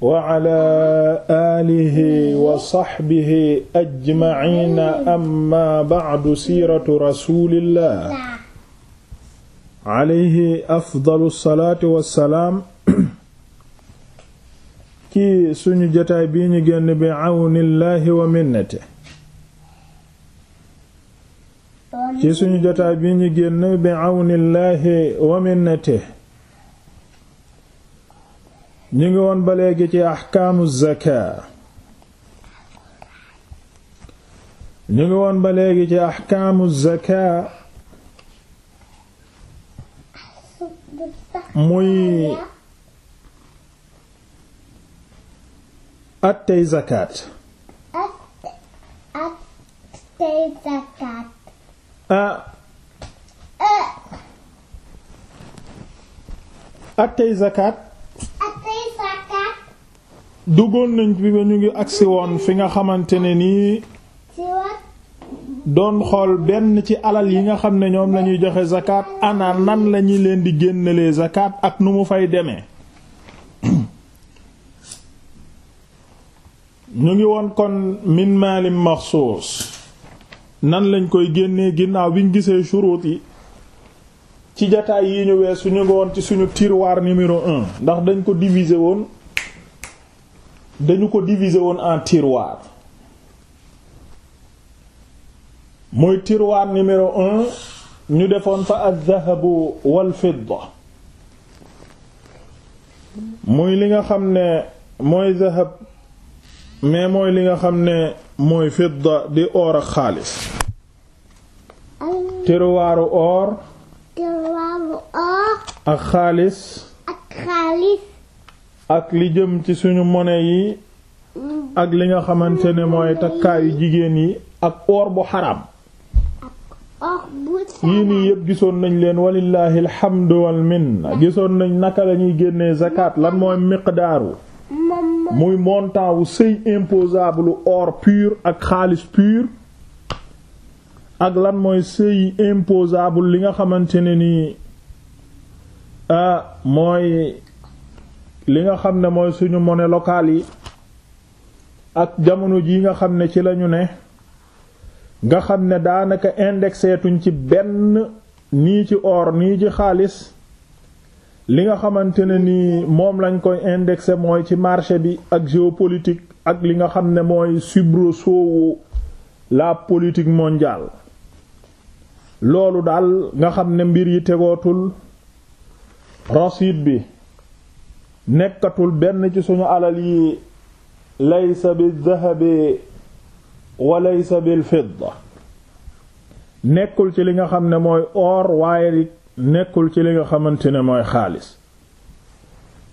wa cala aalihi wa saxbihi ajmaciina amma bacdu siiratu rasuulillah alayhi afdalu salaatu wa salaam ci suñu jotaay bii ñu bii ñu génn bi ñu ngi woon ba léegi ci axkaamu zaka ñu ngi woon ba léegi ci axkaamu zaka muy attey zakat attey ah. eh. duggoon nañ bi ba ñu ngi agsi woon fi nga xamante ne nii doon xool benn ci alal yi nga xam ne ñoom lañuy joxe zakat ana nan lañuy leen di génnelee zakat ak nu mu fay demee ñu ngi woon kon min maalim maxsuus nan lañ koy génnee ginnaaw bi ñu gisee churut yi ci jataay yi ñu weesu ñu ngi woon ci suñu tiroir numéro un ndax dañ ko diviser woon dañu ko diviser woon en tiroir muy tiroir numéro un ñu defoon fa al-dhahabu wal-fidda muy li nga xam ne mooy zahab mais mooy li nga xam ne mooy fidda di or ak xaalis tiroiru or ak xaalis ak li jëm ci suñu monnaie yi ak li nga xamante ne mooy takkaayu jigéen yi ak or bu xaraam yii nii yëpp gisoon nañ leen walillahi alhamdu wal gisoon nañ naka lañuy génnee zakat lan mooy miqdaaru muy montant sëy imposable or pur ak xaalis pur ak lan mooy sëy imposable li nga xamante ne nii ah, mooy li nga xam ne mooy suñu monnaie locale yi ak jamono ji nga xam ne ci lañu ne nga xam ne daanaka indexé ci benn nii ci or nii ci xaalis li nga xamante ne nii moom lañ koy indexé mooy ci marché bi ak géopolitique ak li nga xam ne mooy soubresaut la politique mondiale loolu daal nga xam ne mbir yi tegootul rasiid bi nekkatul benn ci suñu alal yi laysa bil dahabi wa laysa bil fidda nekkul ci li nga xam ne mooy or waaye nekkul ci li nga xamante ne mooy xaalis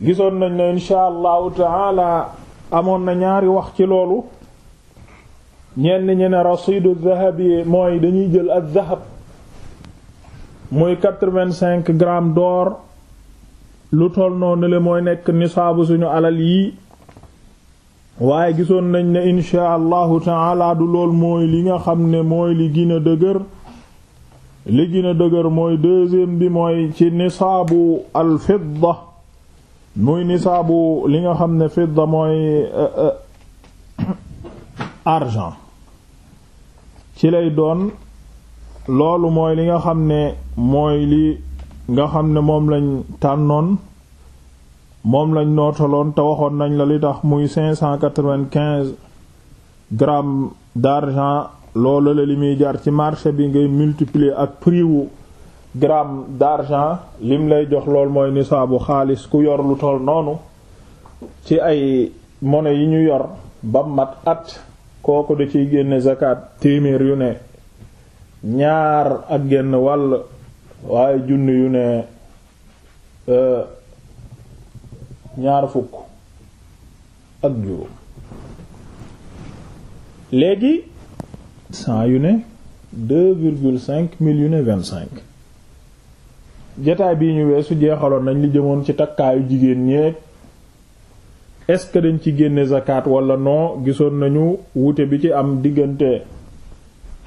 gisoon nañ ne insha allahu taala amoon na ñaari wax ci loolu ñenn ñi ne rasidu dahabi mooy dañuy jël ak dahab muy quatre vingt d'or lu toll noonu le mooy nekk nisaabu suñu alal yi waaye gisoon nañ ne inshaa allahu taala du lool mooy li nga xam ne mooy li gën dëgër li gën dëgër mooy deuxième bi mooy ci nisaabu al fidda muy nisaabu li nga xam ne fidda mooy euh, euh, argent ci lay doon loolu mooy li nga xam ne mooy li nga xam ne moom lañ tànnoon moom lañ nootaloon te waxoon nañ la li tax muy cinq cent quatre-vingt-quinze grammes d'argent loolu la li muy jar ci marché bi ngay multiplier ak prix wu gramme d'argent lim lay jox lool mooy bu xaalis ku yor lu toll noonu ci ay monnaie yi ñu yor ba mat at kooku da ciy génne zakat téeméer yu ne ñaar ak génn wàll waaye junni yu ne e, ñaar fukk cent yu ne deux virgule cinq mille yu ne vingt cinq jataay bii ñu weesu jeexaloon nañ li jëmoon ci takkaayu jigéen ñeeg est-ce que dañ ci génne zakat walla noo gisoon nañu wute bi ci am diggante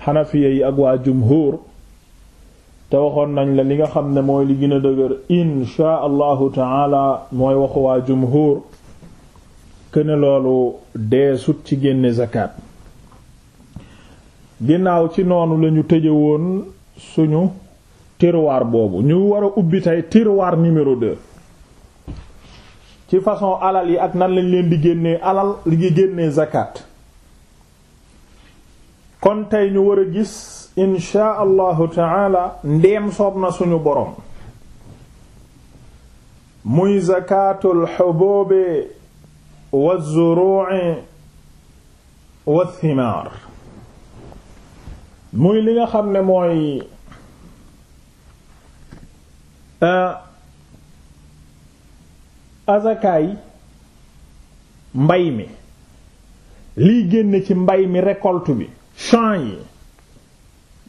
xanafiya yi ak waa jumhur te waxoon nañ la li nga xam ne mooy li gën a dëgër inshaa allahu taala mooy waxu waa jumhur këne loolu dee sut ci génne zakat ginnaaw ci noonu lañu tëje woon suñu tiroir boobu ñu war a ubbi tey tiroir numéro 2 ci façon alal yi ak nan lañ leen di génnee alal li génnee zakat kon tey ñu war a gis inshaa allahu taala ndeem soob na suñu boroom muy zakaatul xubuubi wa zuruu'i wa thimaar muy li nga xam ne mooy ah, azakaay mbay mi liy génn ci mbay mi récolte bi champs yi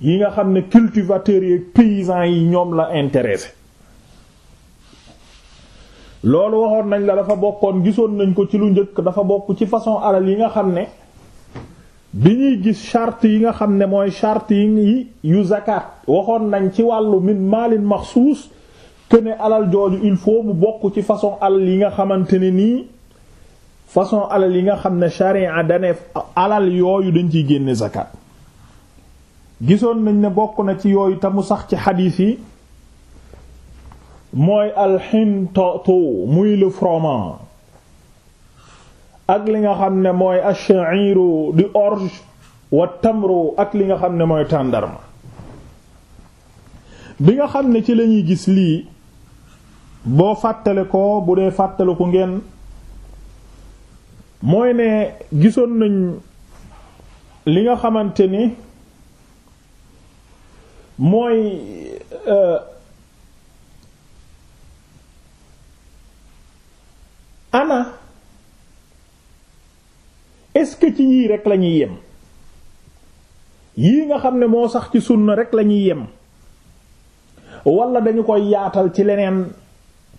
yi nga xam ne cultivateurs yi paysans yi ñoom la intéressé loolu waxoon nañ la dafa bokkoon gisoon nañ ko ci lu njëkk dafa bokk ci façon alal yi nga xam ne bi ñuy gis chart yi nga xam ne mooy charte yi yu zakat waxoon nañ ci wàllu min maalin maxsuus que ne alal jooju il faut mu bokk ci façon alal yi nga xamante ne nii façon alal yi nga xam ne charia dane alal yooyu dañ ciy génne zakat gisoon nañ ne bokk na ci yooyu te mu sax ci xadiis yi mooy alxintoto muy le froment ak li nga xam ne mooy ash-sha'iru di orge wa tamru ak li nga xam ne mooy tàndarma bi nga xam ne ci lañuy gis lii boo fàttale ko bu dee fàttale ko ngeen mooy ne gisoon nañ li nga xamante ni mooy euh, ana est-ce que ci yii rek lañuy yem yii nga xam ne moo sax ci na rek lañuy yem wala dañu koy yaatal ci leneen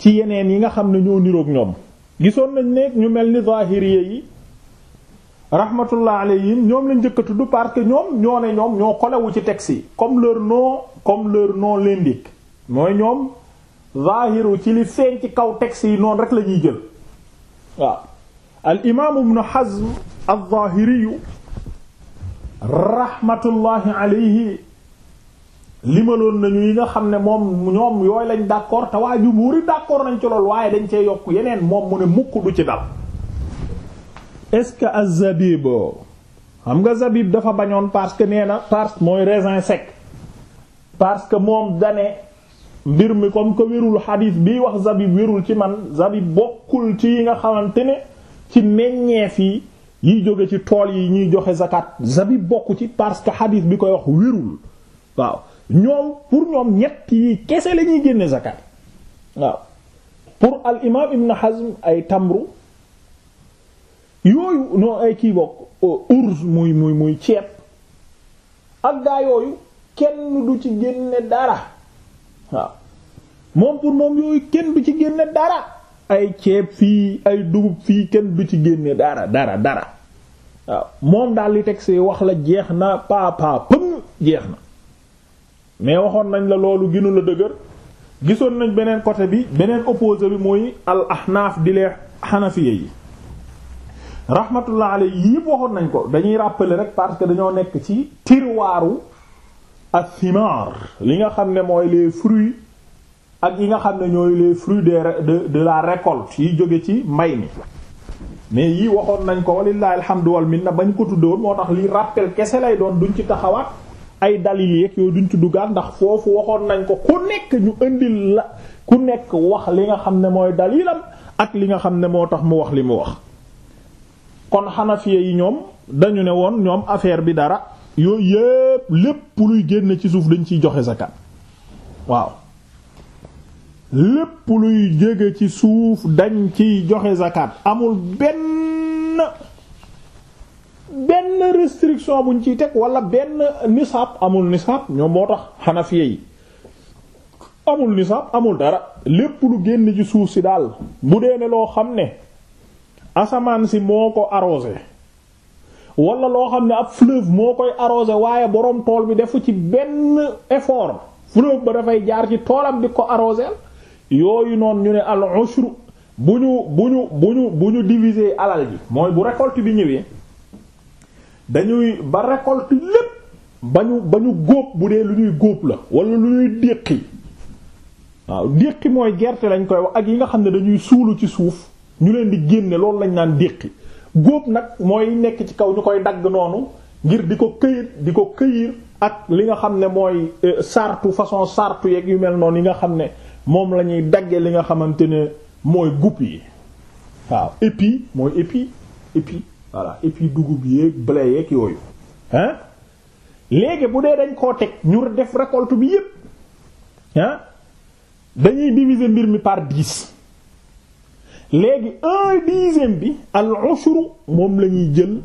ci yeneen yi nga xam ne ñoo niroog ñoom gisoon nañ nekk ñu mel ni zahiriye yi rahmatullah alayhim ñoom lañ njëkk du tudd parce que ñoom ñoo ne ñoom ñoo kolewu ci texte yi comme leur nom comme leur nom l'indique mooy ñoom zaahiru ci li feeñ ci kaw texte yi noon rek lañuy jël waaw al imaamu ibnu hazm az-zaahiriyu rahmatullahi alayhi limaloon nañu yi nga xam ne moom ñoom yooyu lañ d'accord te waa jumhuur d'accord nañ ci lool waaye dañ cee yokk yeneen moom mu ne mukk du ci dal est-ce que az-zabib xam nga zabib dafa bañoon parce que nee na parce mooy raisin sec parce que moom dane mbir mi comme que wérul xadiis bi wax zabib wérul ci man zabib bokkul ci yi nga xamante ne ci meññeef yi yiy jóge ci tool yi ñuy joxe zakat zabib bokku ci parce que xadiis bi koy wax wérul waaw ñoom pour ñoom ñett yi kese lañuy génne zakat waaw pour al imam ibn Hazm ay tamru yooyu noo ay kii bokk ours muy muy muy ceeb ak yooyu kenn du ci génne dara waaw moom pour moom yooyu kenn du ci génne dara ay ceeb fii ay dugub fii kenn bi ci génne dara dara dara waaw moom daal li teg see wax la jeex na papa pëng jeex na mais waxoon nañ la loolu ginu la dëgër gisoon nañ beneen côté bi beneen opposé bi muy al ahnaaf di yi rahmatullah alayhi yi yëpp waxoon nañ ko dañuy rappeler rek parce que dañoo nekk ci a athimar li nga xam ne mooy les fruits ak yi nga xam ne ñooy les fruits de de de la récolte yi jóge ci may mi mais yii waxoon nañ ko walillahi alhamdu wal minna bañ ko tuddoo moo tax li rappel kese lay doon duñ ci taxawaat ay dalil yeeg yooyu duñ ci duggaat ndax foofu waxoon nañ ko ku nekk ñu indil la ku nekk wax li nga xam ne mooy dalilam ak li nga xam ne moo tax mu wax li mu wax kon xanafiya yi ñoom dañu ne woon ñoom affaire bi dara yooyu yépp lépp luy génn ci suuf dañ ciy joxe zakat waaw lépp luy jóge ci suuf dañ ciy joxe zakat amul benn benn restriction buñ ciy teg wala benn nisaab amul nisaab ñoom moo tax xanafiya yi amul nisaab amul dara lépp lu génn ci suuf si daal bu dee ne loo xam ne asamaan si moo ko arrosé wala loo xam ne ab fleuve moo koy arrosé waaye boroom tool bi defu ci benn effort fleuve ba dafay jaar ci toolam di ko arrosé yooyu noonu ñu ne al ushru bu ñu bu ñu bu ñu bu ñu diviser alal ji mooy bu récolte bi ñëwee dañuy ba récolte lépp ba ñu ba ñu góob bu dee lu ñuy góob la wala lu ñuy déqi waaw déqi mooy gerte lañ koy ak yi nga xam ne dañuy suulu ci suuf ñu leen di génne loolu lañu naan déqi góob nag mooy nekk ci kaw ñu koy dagg noonu ngir di ko këyir di ko këyir ak li nga xam ne mooy euh, sartu façon sartu yeeg yu mel noonu yi nga xam ne moom lañuy dagge li nga xamante ne mooy gub yi waaw épi mooy épi épi voilà épi dugub yeeg blé yeeg yooyu hein léegi bu dee dañ koo teg ñu def récolte bi yépp hein dañuy diviser mbir mi par dix léegi un dixième bi al ushru moom la ñuy jël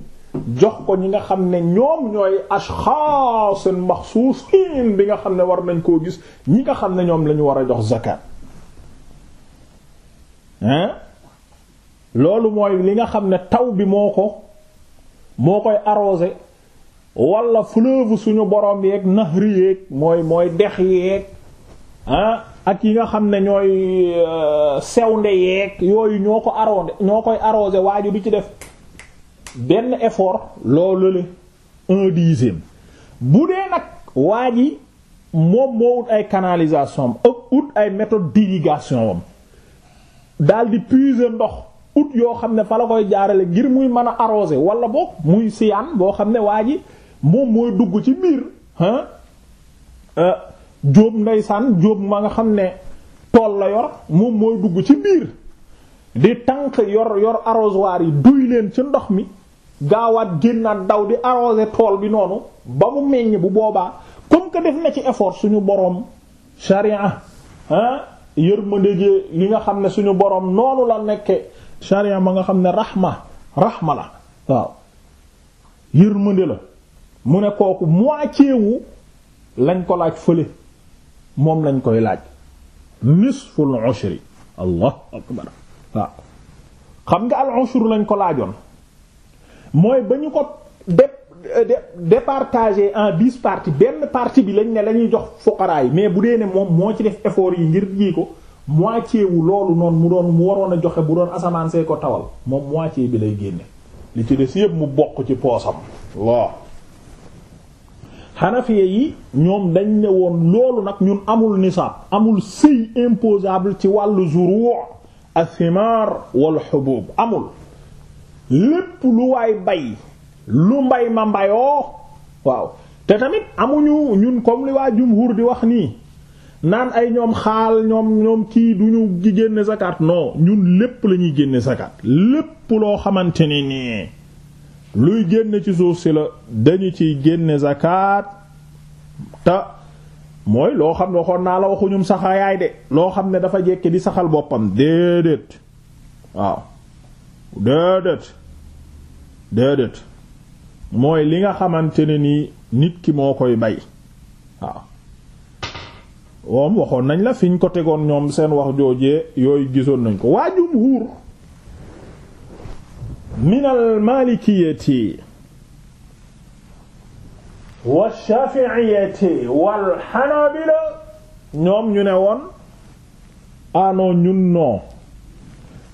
jox ko ñi nga xam ne ñoom ñooy ashxaas maxsuusin bi nga xam ne war nañ koo gis ñi nga xam ne ñoom lañu war a jox zakat loolu mooy li nga xam ne taw bi moo ko moo koy arrosé wala fleuve suñu borom yeeg nahri yeeg mooy mooy dex yeeg ah ak yi nga xam ne ñooy euh, sew nde yeeg yooyu ñoo ko arrosé ñoo koy arrosé waaju du ci def benn effort loolu la un dixième bu dee nag waa yi moom moo ut ay canalisation am ak ut ay méthode d'irrigation am daal di puiser ndox ut yoo xam ne fa la koy jaarale ngir muy mën a arroser wala boog muy siyaan boo xam ne waa ji moom mooy dugg ci biir ah jóob ndeysaan jóob ma nga xam ne tool la yor moom mooy dugg ci biir di tànk yor yor arrosoir yi duy leen ci ndox mi gaawaat génnaat daw di arroser tool bi noonu ba mu meññ bu boobaa comme que def na ci effort suñu boroom charia ah yërmande gi li nga xam ne suñu boroom noonu la nekke charia ma nga xam ne rahma rahma la waaw yërmande la mu ne kooku mu wu lañ ko laaj fële moom lañ koy laaj nisful ushri allahu akbar waaw xam nga al ushur lañ ko laajoon mooy ba ñu ko départagé en dix parties benn partie bi lañ ne lañuy jox fuqaraa yi mais bu dee ne moom moo ci def effort yi ngir ji ko moitié wu loolu noonu mu doon mu waroon a joxe bu doon asamaan see ko tawal moom moitié bi lay génne li ci des yépp mu bokk ci poosam waaw xanafiye yi ñoom dañ ne woon loolu nag ñun amul nisaab amul si imposable ci wàllu zuruu asimaar wal xubub amul lépp lu waay bay lu mbay ma mbayoo waaw te tamit amuñu ñun comme li waa jumhur di wax nii naan ay ñoom xaal ñoom ñoom kii duñu génne zakat non ñun lépp la ñuy génne zakat lépp loo xamante ne nii luy génne ci suuf si la dañu ciy génne zakat te mooy loo xam ne waxoon naa la waxuñum saxayaay de loo xam ne dafa jekke di saxal boppam déedéet waaw déedéet déedéet mooy li nga xamante ne nii nit ki moo koy bay waaw moom waxoon nañ la fiñ ko tegoon ñoom seen wax joojee yooyu gisoon nañ ko waa jumhuur min almalikiyati wa shafi'iyati wal hanabila ñoom ñu ne woon aanoo ah ñun non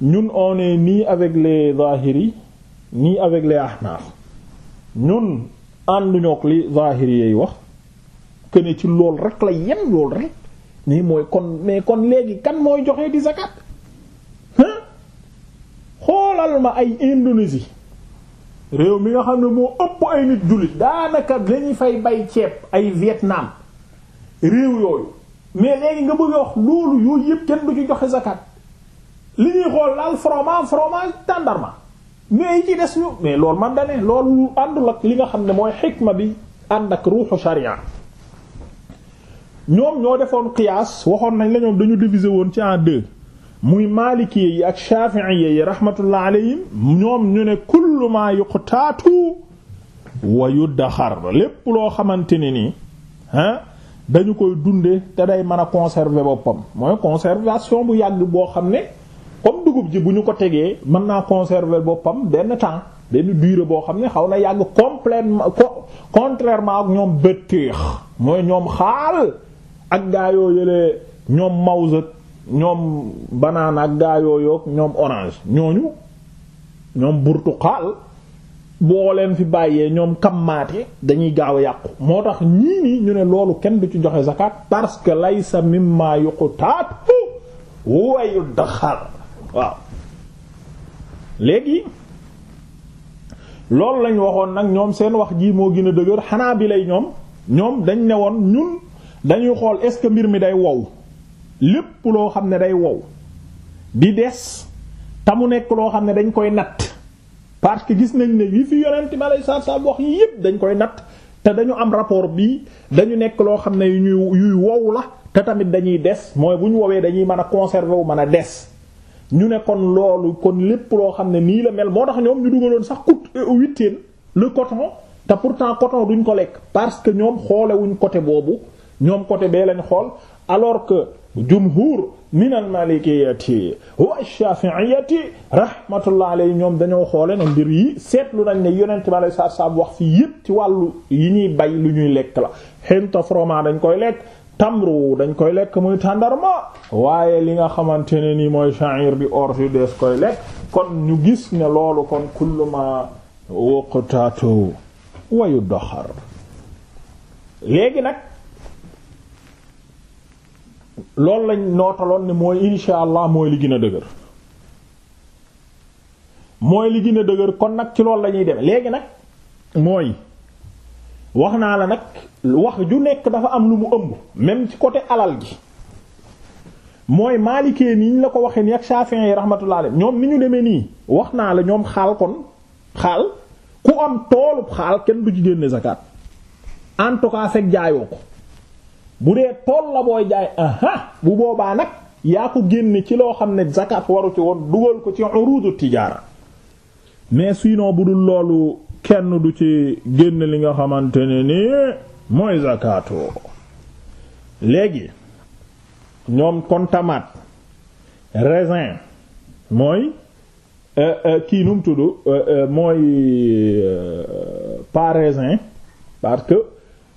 ñun on est ni avec les zahiri ni avec les ahnaf ñun ànduñook li zahiri yay wax que ci lool rek la yem lool rek mais kon léegi kan mooy joxe di zakat demal ma ay Indonésie réew mi nga xam ne moo ëpp ay nit jullit daanaka dañuy fay bay ceeb ay Vietnam réew yooyu mais léegi nga bëgg a wax loolu yooyu yëpp kenn du ci joxe zakat li ñuy xool daal fromage fromage tàndarma mais yi ci des ñu mais lool man da ne loolu àndul ak li nga xam ne mooy xikma bi ànd ak ruuxu sharia ñoom ñoo defoon qiyaas waxoon nañ la ñoom dañu diviser woon ci en deux. muy maalikee yi ak shafi'iyye yi rahmatullah alayhim ñoom ñu ne kullu ma yuqtaatu wa yuddaxar lépp loo xamante ne nii ah dañu koy dunde te day man a conserver boppam mooy conservation bu yàgg boo xam ne comme dugub ji bu ñu ko tegee mën naa conserver boppam benn temps benn durée boo xam ne xaw na yàgg complètement contrairement ak ñoom bëttéex mooy ñoom xaal ak gaa yoo yëlee ñoom mawzat ñoom banaana ak gaayooyoog ñoom orange ñooñu ñoom xaal boo leen fi bàyyee ñoom kammaate dañuy gaaw a yàqu moo tax ñii nii ñu ne loolu kenn du ci joxe sa zakat parce que lay laysa mimma yuqtaat wayu daxar waaw léegi loolu lañu waxoon nag ñoom seen wax ji moo gën a dëgër xanaa bi lay ñoom ñoom dañ ne woon ñun dañuy xool est ce que mbir mi day wow lépp loo xam ne day wow di des ta mu nekk loo xam ne dañ koy natt parce que gis nañ ne yi fi yonent bi alei satu salaam wax yi yépp dañ koy natt te dañu am rapport bii dañu nekk loo xam ne yu ñuy yuy wow la te tamit dañuy des mooy bu ñu wowee dañuy mën a conserver wu mën a des ñu ne kon loolu kon lépp loo xam ne nii la mel moo tax ñoom ñu dugaloon sax coûte euh, huitaine le coton te pourtant coton duñ ko lekk parce que ñoom xoolewuñ côté boobu ñoom côté bee lañ xool jumhur min al malikiyati wa shafi'iyati rahmatullah alayhi ñoom dañoo xoole ne mbir yi seetlu nañ ne yonent bi alayhi salaatu salaam wax fi yépp ci wàllu yi ñuy bay lu ñuy lekk la xinta froment dañ koy lekk tamru dañ koy lekk muy tàndarma waaye li nga xamante ne ni mooy sha'ir bi orge des koy lekk kon ñu gis ne loolu kon kulluma waqtatu wayu doxar léegi nag loolu lañ nootaloon ne mooy insha allah mooy li gën a dëgër mooy li gën dëgër kon nag ci loolu lañuy ñuy deme léegi nag mooy wax naa la nag wax ju nekk dafa am lu mu ëmb même ci côté alal gi mooy maalikee ni ñu la ko waxee nii ak Shafi'i yi rahmatullah alayhi ñoom ni ñu demee nii wax naa la ñoom xaal kon xaal ku am toolub xaal kenn bu ci génne zakat en tout cas fekk jaayoo ko bu dee tool la booy jaay aha bu boobaa nag yaa ko génne ci loo xam ne zakat waru ci woon dugal ko ci urudu tijaara mais sinon bu dul loolu kenn du ci génn li nga xamante ne ni mooy zakaato léegi ñoom kon tamaate raisin mooy euh, euh, kii num tudd euh, mooy pas raisin parce que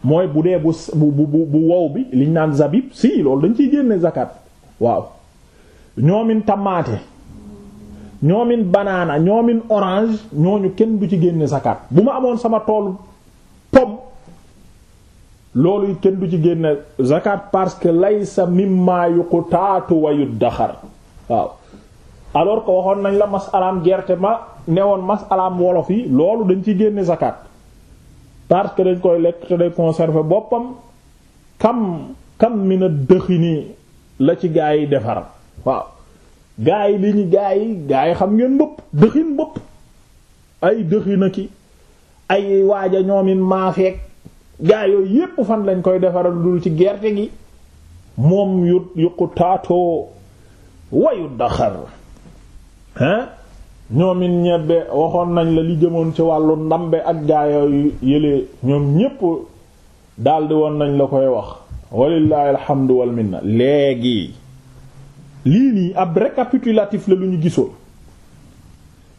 mooy bu dee bu bu bu wow bi liñ naan zabib si loolu dañ ciy génne zakat waaw ñoomin tamaate ñoomin banaana ñoomin orange ñooñu kenn du ci génne zakat bu ma amoon sama toolu pom loolu kenn du ci génne zakat parce que laysa mimma yuqtaatu wa yuddaxar waaw alors que waxoon nañ la masalaam gerte ma newoon masalaam wolof yi loolu dañ ciy génne zakat parce que dañ koy lekk te day conserver boppam kam kam mi na dëxi nii la ci gaa yi defar waaw gaa yi li ñu gaa yi gaa yi xam ngeen mbëpp dëxin mbëpp ay dëxina ki ay waaja ñoomin maafeek gaa yooyu yépp fan lañ koy defaral dul ci gerte gi moom yu yuqu taatoo wayu daxar hein ñoomin ñebbe waxoon nañ la li jëmoon ci wàllu ndambe ak gaayooyu yëlee ñoom ñépp daldi woon nañ la koy wax walillahi alhamdu wal léegi lii nii ab récapitulatif la lu ñu gisoon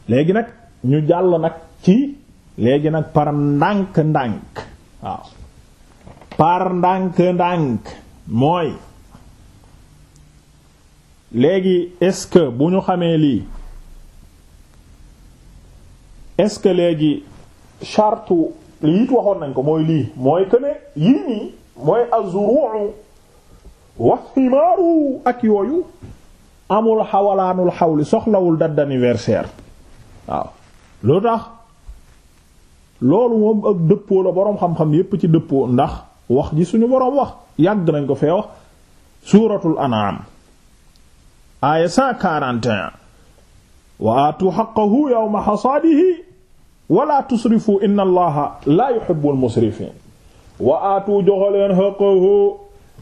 léegi nag ñu jàll nag ci léegi nag par ndànk-ndànk waaw par ndànk-ndànk mooy léegi est-ce que bu ñu xamee lii est-ce que léegi charte lii waxoon nañ ko mooy lii mooy que yii nii mooy azru'u wa himaaru ak yooyu amul xawalaanul xawli soxlawul date d'anniversaire waaw lu tax loolu moom ak dëppoo la boroom xam-xam yépp ci dëppoo ndax wax ji suñu boroom wax yàgg nañ ko fee wax suuratul an'am aaya 141 wa aatu haqqahu yawma hasaadihi wala tusrifu inna allaha la yuhibbul musrifin wa aatu joxaleen xaqahu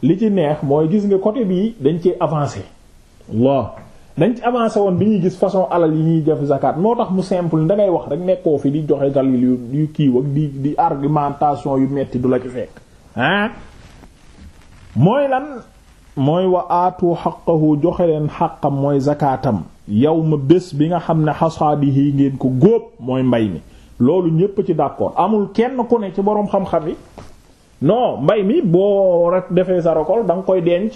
li ci neex mooy gis nga côté bii dañ ci avancé Allah dañ ci avancé woon bi ñuy gis façon alal yi ñuy def zakat moo tax mu simple dangay wax rek nekkoo fi di joxe dalil yu kiiw ak di di argumentation yu metti du la ci fekk ah mooy lan mooy wa aatu xaqahu joxe leen xaqam mooy zakaatam yow ma bés bi nga xam ne xasaadi yi ngeen ko góob mooy mbay mi loolu ñépp ci d'accord amul kenn ku ne ci boroom xam-xam yi non mbay mi boo rek defee sa récolte da nga koy denc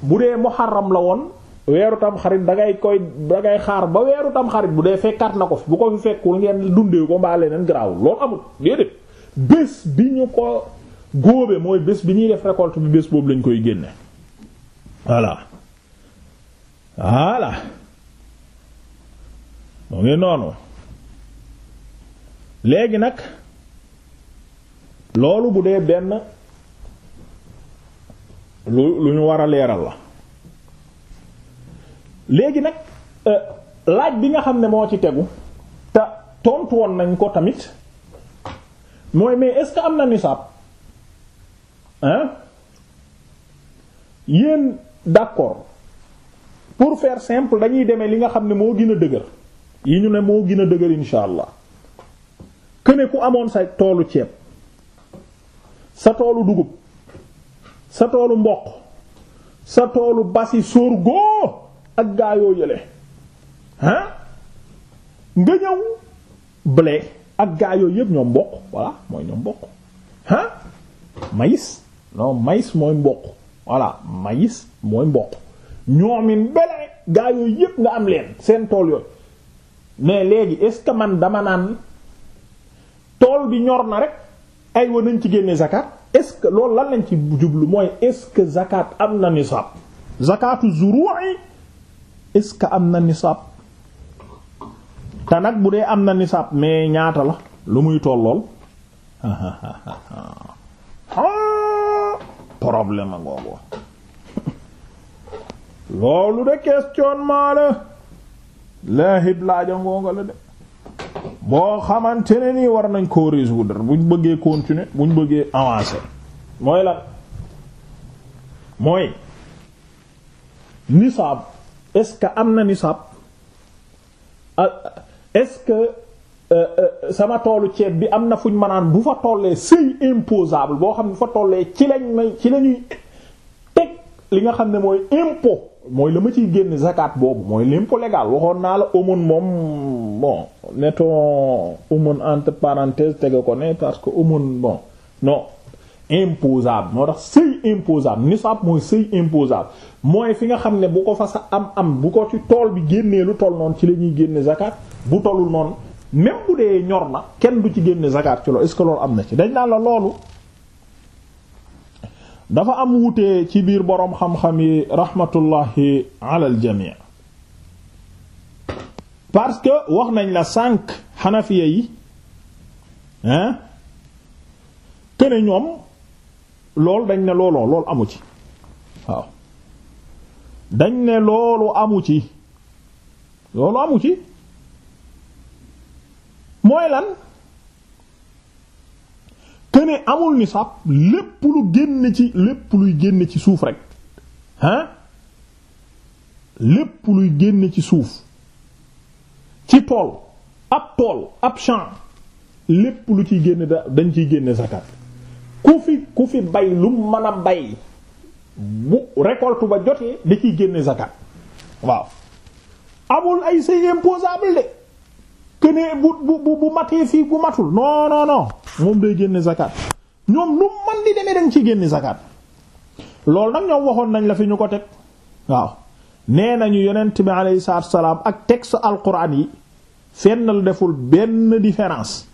bu dee muharram la woon weeru tam xarit da ngay koy da ngay xaar ba weeru tam xarit bu dee fekkat na ko fi bu ko fi fekkul ngeen dundee ko mbaa leneen garaawul loolu amul déedéet bés bi ñu ko góobe mooy bés bi ñuy def récolte bi bés boobu lañ koy génne voilà voilà mu ngi noonu léegi nag loolu bu dee benn lu lu ñu war a leeral la léegi nag euh, laaj bi nga xam ne moo ci tegu te tontu woon nañ ko tamit mooy mais est-ce am na nisaab hein yéen d'accord pour faire simple dañuy demee li nga xam ne moo gën a dëgër yi ñu ne moo gën a dëgër insha que ne ku amoon sa toolu ceeb sa toolu dugub sa toolu mboq sa toolu basi sorgo ak gaa yoo yële ah nga ñëw blé ak gaa yooyu yëpp ñoom mboq voilà mooy ñoom mboq ah maïs non maïs mooy mboq voilà maïs mooy mboq ñoomin bele gaa yëpp nga am leen seen tool yooyu mais léegi est-ce que man dama naan. tool bi ñor na rek ay wa nañ ci génne zakat est-ce que loolu lan lañ ci jublu mooy est-ce que zakat am na nisaab zakatu zuru'i est-ce que am na nisaab te nag bu dee am na nisaab mais ñaata la lu muy tollool ah, problème a ngoogoo loolu de questionnement la laahib laaja ngoonga la de boo xamante ne nii war nañ koo résoudre buñ bëggee continuer buñ bëggee avancer mooy la mooy nisaab est-ce que am na nisaab ah, est-ce que euh, euh, sama toolu ceeb bi am na fuñ manaan bu fa tollee seuil imposable boo xam ne bu fa tollee ci lañ may ci lañuy teg li nga xam ne mooy impôt mooy la ma ciy génne zakat boobu mooy l'impôt légal waxoon naa la aumône moom bon nettons aumône entre parenthèses tege ko ne parce que aumône bon no imposable moo tax sëy imposable nisab mooy sëy imposable mooy fi nga xam ne bu ko fa sa am am bu ko ci tool bi génnee lu toll noonu ci la ñuy génne zakat bu tollu noonu même bu dee ñor na kenn du ci génne zakat ci loolu est loolu am na ci dañ naan la loolu dafa am wuute ci biir boroom xam-xam yi rahmatullahi alal jamii parce que wax nañ la sànq xanafiya yi hein këne ñoom lool dañ ne looloo lool amu ci waaw dañ ne loolu amu ci loolu amu ci mooy lan këne amul nisaab lépp lu génn ci lépp luy génn ci suuf rek ah lépp luy génn ci suuf ci tool ab tool ab chant lépp lu ciy génn da dañ ci génne zakat ku fi ku fi bay lu mën a bay bu récolte ba jotee li ci génne zakat waaw amul ay c'est imposable de këne bu bu bu matee fii bu matul non moom day génne zakat ñoom nu man di demee dañ ci génne zakat loolu nag ñoom waxoon nañ la fi ñu ko teg waaw nee nañu yonent bi alayhi salaam ak teg texte alquran yi fenn la deful benn différence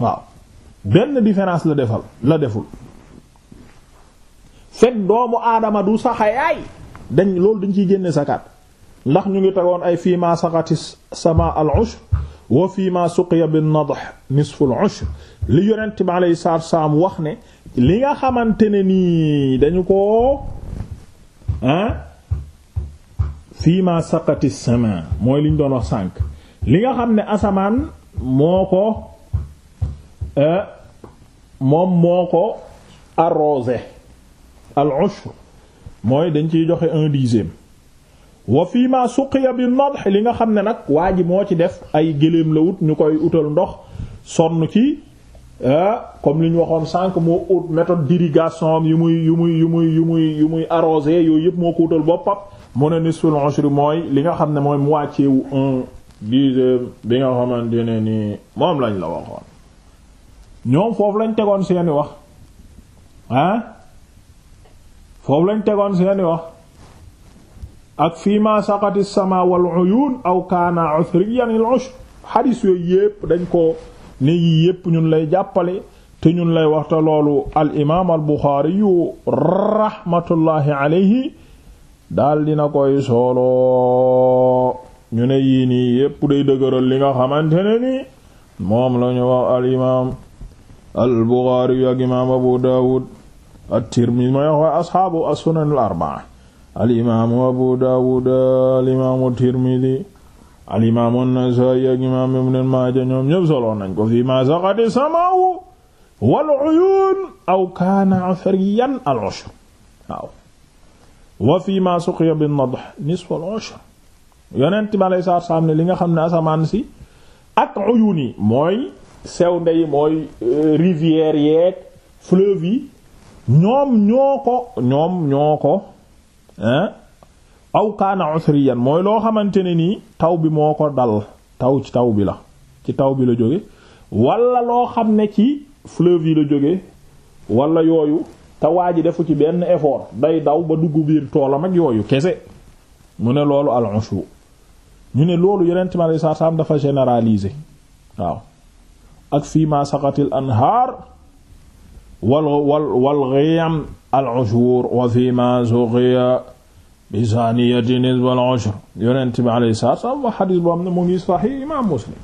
waaw benn différence la defal la deful fekk doomu aadama du saxayaay dañ loolu dañ ciy génne zakat ndax ñu ngi tegoon ay fiima saxatis sama al ushb wa fii ma suqiya bin nadh nisful ushr li yonent bi alayhi salaatu salaam wax ne li nga xamante ne nii dañu ko ah fii ma saqati sama mooy liñ doon wax sànq li nga xam ne asamaan moo ko eh, moom moo ko arrosé al ushr mooy dañ ciy joxe un dixième wa fii ma suqiya bi nadh li nga xam ne nag waa ji moo ci def ay gëléem la wut ñu koy utal ndox sonn ci ah, comme li ñu waxoon sànq moo ut méthode d'irrigation yu muy yu muy yu muy muy yu arrosé yooyu yëpp moo ko utal boppam mu ne nisful ushri mooy li nga xam ne mooy moitié wu un dixième bi nga xamante ne ni moom lañ la waxoon ñoom foofu lañ tegoon seeni wax ah foofu lañ tegoon seeni wax ak fii ma saqati sama wal uyun aw kaana uthriyan al ushr yépp dañ ko ne yi yépp ñun lay jàppale te ñun lay waxta loolu al imaam al buxaari yu rahmatullahi alayhi koy solo ñu ne yii nii yépp day dëgëral li nga xamante ne ni moom la ñu wax al imaam al buxaari ak imaam abu daawud at-tirmidhi mooy asxaabu as-sunan al arba'a alimaamu abu daawud alimaamu tirmidi alimaamu nasaa'i ak imaam ibn maaja ñoom ñëpp solo nañ ko fii ma saqati samaawu wal uyuun aw kaana athariyan al ushr waaw wa fii ma suqiya bin nadh nisfu al ushr yonent bi alayhi salaatu salaam ne li nga xam ne asamaan si ak uyuun yi mooy sew ndey mooy euh, rivière yeeg fleuve yi ñoom ñoo ko ñoom ñoo ko aw kaana mooy loo xamante ne nii taw bi moo ko dal taw ci taw bi la ci taw bi la jóge wala loo xam ne ci fleuve yi la jóge walla yooyu te ji defu ci benn effort day daw ba dugg biir toolam ak yooyu kese mu ne loolu al ushu ñu ne loolu yeneen ma lay saa saam dafa généraliser waaw ak fii ma saqatil anhaar wal wal wal ghiyam al ushur wa fi ma zughiya bi zaniyatin wal ushr yonent bi alayhi salaam wa xadis boo xam ne mu ngi sahih imaam muslim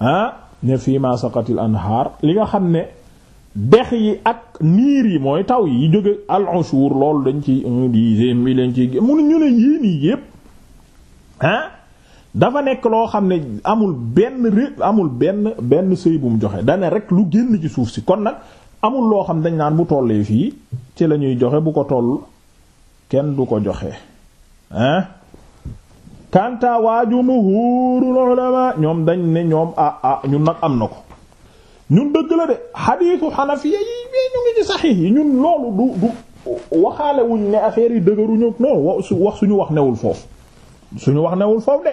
ah ne fi ma saqatil anhaar li nga xam ne dex yi ak niir yi mooy taw yi yi jóge al ushur loolu dañ ci un dixième bi lañ ci mun ñu ne yii nii yépp ah dafa nekk loo xam ne amul benn ré amul benn benn sëy bu mu joxe dane rek lu génn ci suuf si kon nag amul loo xam dañ naan bu tollee fii ci la ñuy joxe bu ko toll kenn du ko joxe hein kanta waa jumhuurul ulama ñoom dañ ne ñoom ah ah ñun nag am na ko ñun dëgg la de xadiisu xanafiya yi mais ñu ngi ci saxiix yi ñun loolu du du waxaale wuñ ne affaire yi dëgëruñu non wax suñu wax newul foofu suñu wax newul foofu de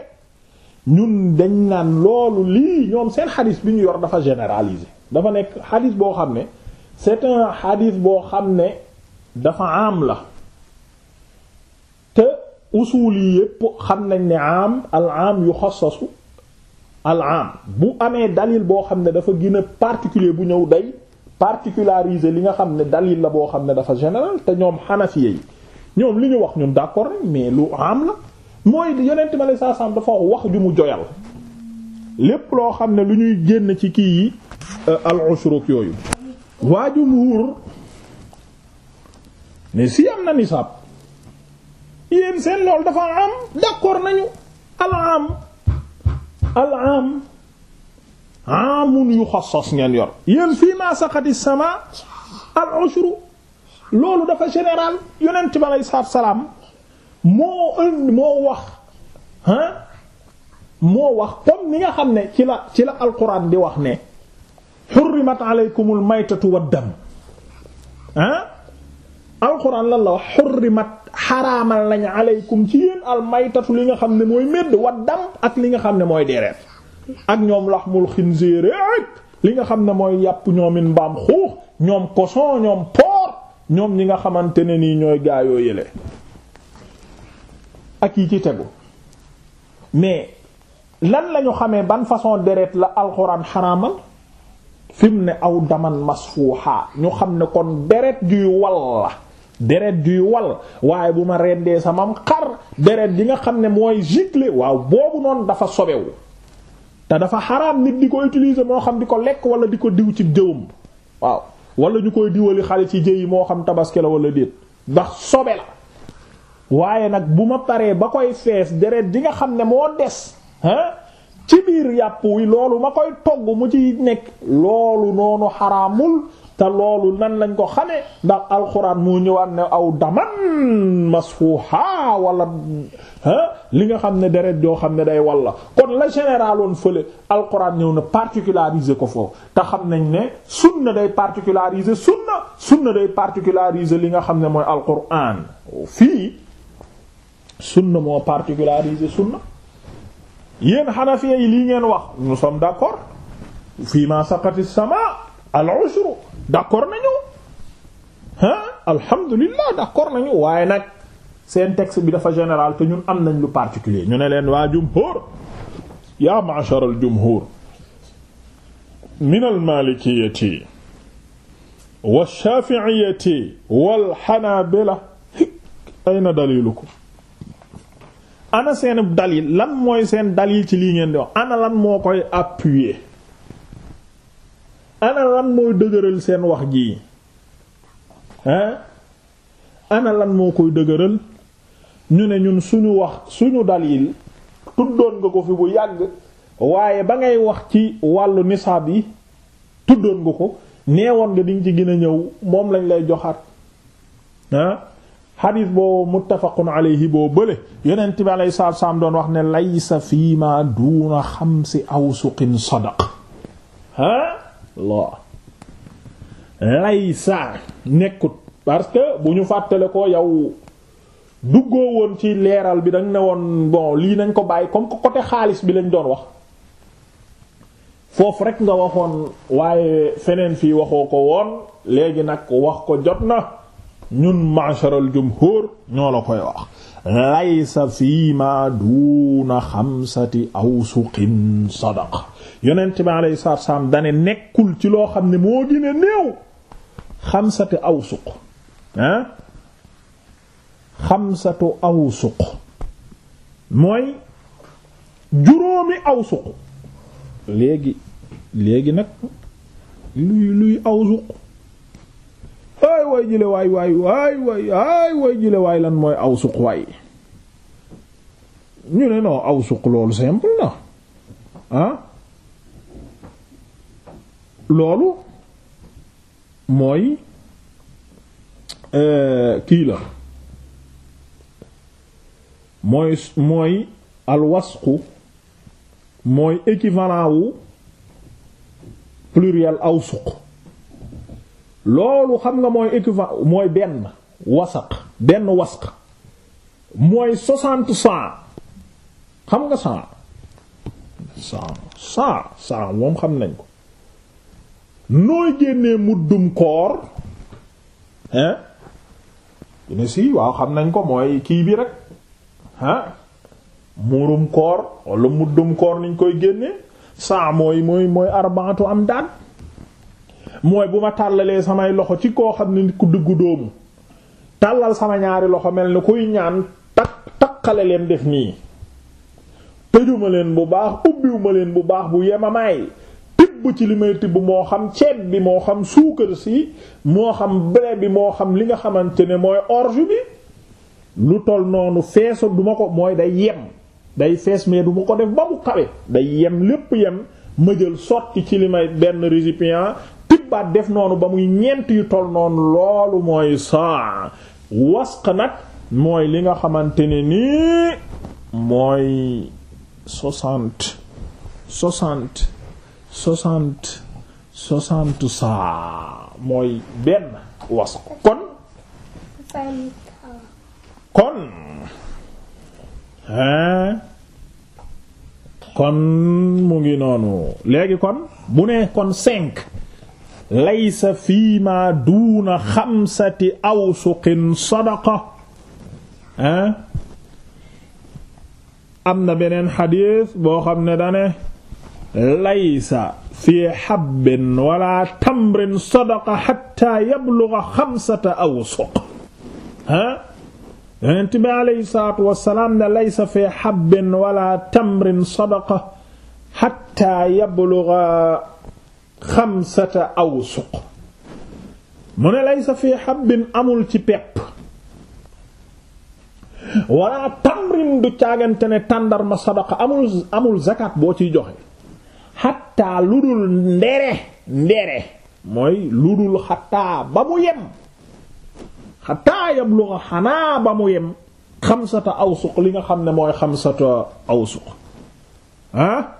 ñun dañ naan loolu lii ñoom seen xadiis bi ñu yor dafa généraliser dafa nekk xadiis boo xam ne c'est un hadith boo xam ne dafa am la te usuul yi yépp xam nañ ne am al am yu xassasu al am bu amee dalil boo xam ne dafa gën a particulier bu ñëw day particulariser li nga xam ne dalil la boo xam ne dafa général te ñoom xanafiye yi ñoom li ñu wax ñun d'accord mais lu am la mooy yonent ma lay saa saam dafa wax ju mu joyal lépp loo xam ne lu ñuy génn ci kii yi euh, al ushruk yooyu waa jumhur ne si am na nisaab yéen seen lool dafa am d'accord nañu alaam alaam amun yu xasas ngeen yor yéen fii ma saqati sama al ushru loolu dafa général yonent bi aleyhi salaam moo ënd moo wax ah moo wax comme ni nga xam ne ci la ci la alquran di wax ne xurrimat aleykumul maytatu wad dam ah alxuraan lan la wax xurrimat xaraamal lañ aleykum ci yéen al maytatu li nga xam ne mooy médd wad ak li nga xam ne mooy dereet ak ñoom laxmul xinziir ak li nga xam ne mooy yàpp ñoomin mbaam xuux ñoom cochon ñoom porc ñoom ñi nga xamante ne nii ñooy gaayoo yële ak yi ci tegu mais lan lañu xamee ban façon deret la alxuraan xaraamal fi mu ne aw daman masfuuxa ñu xam ne kon deret juy wal la deret juy wal waaye bu ma rendee samam xar deret ji nga xam ne mooy gicle waaw boobu noonu dafa sobewu te dafa xaraam nit di ko utiliser moo xam di ko lekk wala di ko diw ci jëwam waaw wala ñu koy diwali xale ci jëy yi moo xam tabaski la wala déet ndax sobe la waaye nag bu ma paree ba koy fees deret ji nga xam ne moo des hein ci biir yàpp wi loolu ma koy togg mu ci nekk loolu noonu xaraamul te loolu nan lañ ko xamee ndax alxuraan mu ñëwaat ne aw daman masfuha wala li nga xam ne deret joo xam ne day walla kon la général woon fële alxuraan ñëw na particulariser ko foofu te xam nañ ne sunna day particulariser sunna sunna day particulariser li nga xam ne mooy alxuraan fii sunna moo particulariser sunna yéen xanafiya yi lii ngeen wax nous sommes d'accord fii ma saqati sama al ushru d'accord nañu ah alhamdulillah d'accord nañu waaye nag seen texte bi dafa général te ñun am nañ lu particulier ñu ne leen waa jumhur yaa ma'shar al jumhur min al malikiyati wa shafi'iyati wal hanabila ayna dalilukum ana seen dalil lan mooy seen dalil ci lii ngeen di wax ana lan moo koy appuyer ana lan mooy dëgëral seen wax jii hein ana lan moo koy dëgëral ñu ne ñun suñu wax suñu dalil tuddoon nga ko fi bu yàgg waaye ba ngay wax ci wàllu nisaab yi tuddoon nga ko neewoon nga diñ ci gin a ñëw moom lañ lay joxaat xadis boo muttafaqun alayhi boo bële yonent bi alayhi salaatu salaam doon wax ne laysa fii ma duuna xamsi awsuqin sadaq ah laa laysa nekkut parce que bu ñu fàttale ko yow duggoo woon ci leeral bi dañ ne woon bon lii nañ ko bàyyi comme que côté xaalis bi lañ doon wax foofu rek nga waxoon waaye feneen fii waxoo ko woon léegi nag wax ko jot na ñun masharal jumhur ñoo la koy wax laysa fii ma duuna xamsati awsuqin sadaqa yonent bi alayhi salaatu salaam nekkul ci loo xam ne moo gën a néew xamsati awsuq ah xamsatu awsuq mooy juróomi awsuq léegi léegi nag luy luy awsuq ay waay jile waay waay waay waay ay waay waay lan mooy aw suq waay ñu ne noo aw suq loolu simple na ah loolu mooy euh, kii la mooy mooy alwasqu mooy équivalent wu pluriel aw suq loolu xam nga mooy équivalent mooy benn wasaq benn wasq mooy soixante cent xam nga cent cent cent moom xam nañ ko nooy génnee muddum koor hein si waaw xam nañ ko mooy kii bi rek ah muurum koor wala muddum koor niñ koy génne cent mooy mooy mooy arbaatu am daan mooy bu ma tàllalee samay loxo ci koo xam ne nit ku dëggu doomu tàllal sama ñaari loxo mel ni kuy ñaan takk takkale leen def nii tëjuma leen bu baax ubbiwuma leen bu baax bu yemamaay tibb ci li tibb moo xam ceeb bi moo xam suukar si moo xam blé bi moo xam li nga xamante ne mooy orge bi lu tol noonu feeso duma ko mooy day yem day fees mais duma ko def ba mu kawe day yem lépp yem ma jël sotti ci li benn récipient ibbaat def noonu ba muy ñeent yu toll noonu loolu mooy saa wasq nag mooy li nga xamante ne nii mooy soixante soixante soixante soixante mooy benn wasq kon kon hein kon mu ngi noonu léegi kon bu ne kon cinq laysa fii ma duuna xamsati awsuqin sadaqa ah am na beneen xadiis boo xam ne dane laysa fii xabbin wala tamrin sadaqa xatta yabluga xamsata awsuq ah yonent bi alayhi salaatu wassalaam ne laysa fii xabbin wala tamrin sadaqa xatta yabluga xamsata awsuq mu ne fi habbin amul ci pepp wala tàndarma sadaqa amul amul zakat ciy joxe xatta lu dul ndere ndere mooy lu dul xatta ba mu yem xatta yablugha xanaa ba mu yem xamsata awsuq li nga xam ne mooy xamsata awsuq ah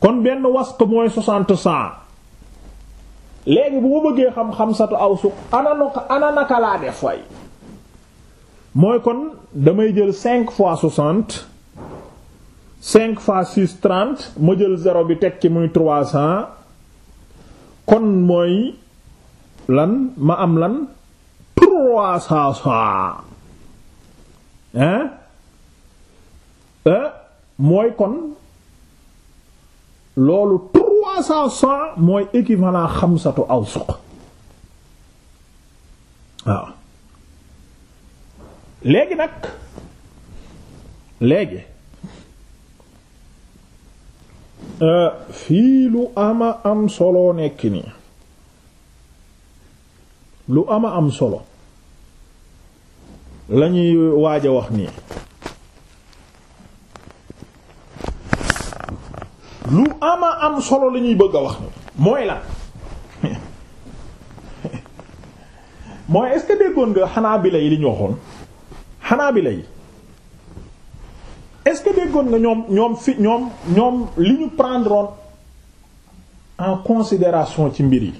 kon benn wasq mooy soixante cent léegi bu ma bëggee xam xamsatu awsuq ana ana naka laa def way mooy kon damay jël cinq fois soixante cinq fois six ma jël zéro bi teg ci muy trois cent kon mooy lan ma am lan trois cent cent euh, mooy kon loolu trois cents sa mooy équivalent xamsatu awsuq waaw léegi nag léegi euh, fii lu ama am solo nekk nii lu ama am solo lañuy waaj a wax nii lu ama am solo la ñuy bëgg a wax mooy la mooy est-ce que déggoon nga Hanabila yi li ñu waxoon Hanabila yi est-ce que déggoon nga ñoom ñoom fi ñoom ñoom li ñu prendroon en considération ci mbir yi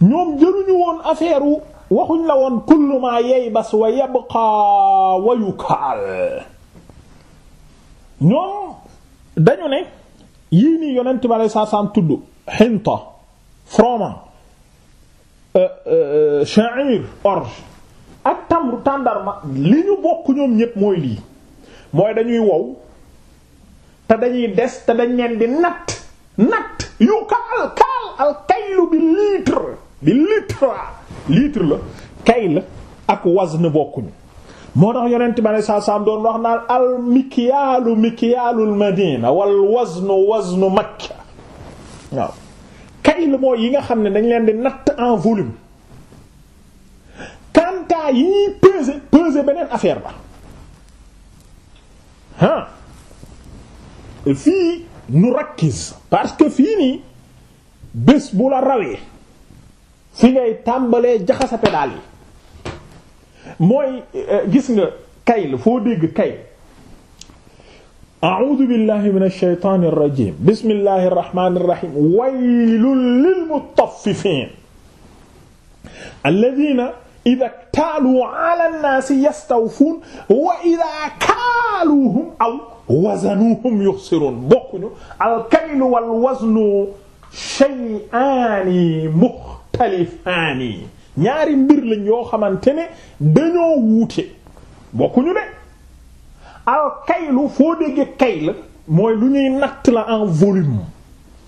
ñoom jëluñu woon affaire wu waxuñ la woon kullu ma yaybas wa yabqa wa yukaal ñoom dañu ne yii nii yonent bi aleyhi salaatu salaam tudd xinta froment euh, euh, sha'ir orge ak tamru tàndarma li ñu bokk ñoom ñépp mooy lii mooy dañuy wow te dañuy des te dañ leen di natt natt yu ka kaal al kaylu bi litre bi litre litre la kayl ak wazn bokkuñu moo tax yonent bi saa saam doon wax naan al mikyaalu mikyaalul madina wal waznu waznu makka waaw kaylu mooy yi nga xam ne dañ leen di natt en volume quant yi ñuy peser peser beneen affaire ba ah fii nu rakkis parce que fii nii bés bu la rawee fi ngay tàmbalee jaxasa pédale yi mooy euh, gis nga kayl foo dégg kayl a'uudu billahi min ash-shaytaani ar-rajiim bismillahi ar-rahmaani ar-rahiim waylun lil mutaffifiin alladhiina idhaa ktaaluu 'ala an-naasi yastawfuun wa idhaa kaaluuhum aw wazanuuhum yukhsiruun bokkuñu al-kaylu wal waznu shay'aani mukhtalifaani ñaari mbir lañ yoo xamante ne dañoo wuute bokkuñu ne al kaylu foo déggee kayl mooy lu ñuy natt la en volume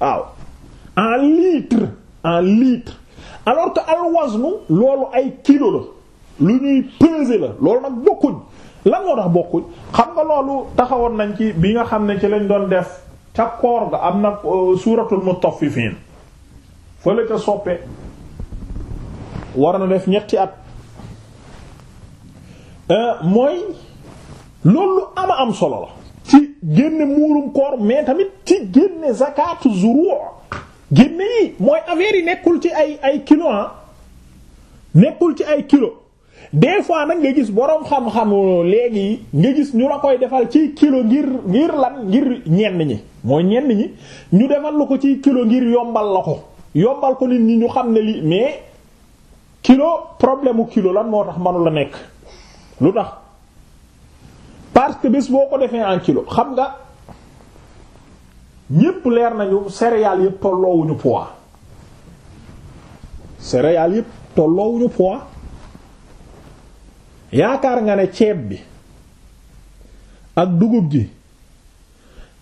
waaw en litre en litre alors que al waznu loolu ay kilo la lu ñuy peser la loolu nag bokkuñ lan moo tax bokkuñ xam nga loolu taxawoon nañ ci bi nga xam ne ci lañ doon def ca koor am na euh, suuratul mutaffifiin fële ca soppe war na def ñetti at euh, mooy loolu ama am solo la ci génne muurum koor mais tamit ci génne zakatu zuru génne yi mooy affaire yi nekkul ci ay ay kilo ah. nekkul ci ay kilo des fois nag nga gis boroom xam-xamu léegi nga gis ñu la koy defal ci kilo ngir ngir lan ngir ñenn ñi mooy ñenn ñi ñu defal la ko ci kilo ngir yombal la ko yombal ko nit ñi ñu xam ne lii mais kilo problème mu kilo lan moo tax manu la nekk lu tax parce que bés boo ko defee en kilo xam nga ñépp leer nañu céréales yépp tolloowuñu poids céréales yépp tolloowuñu poids yaakaar nga ne ceeb bi ak dugub ji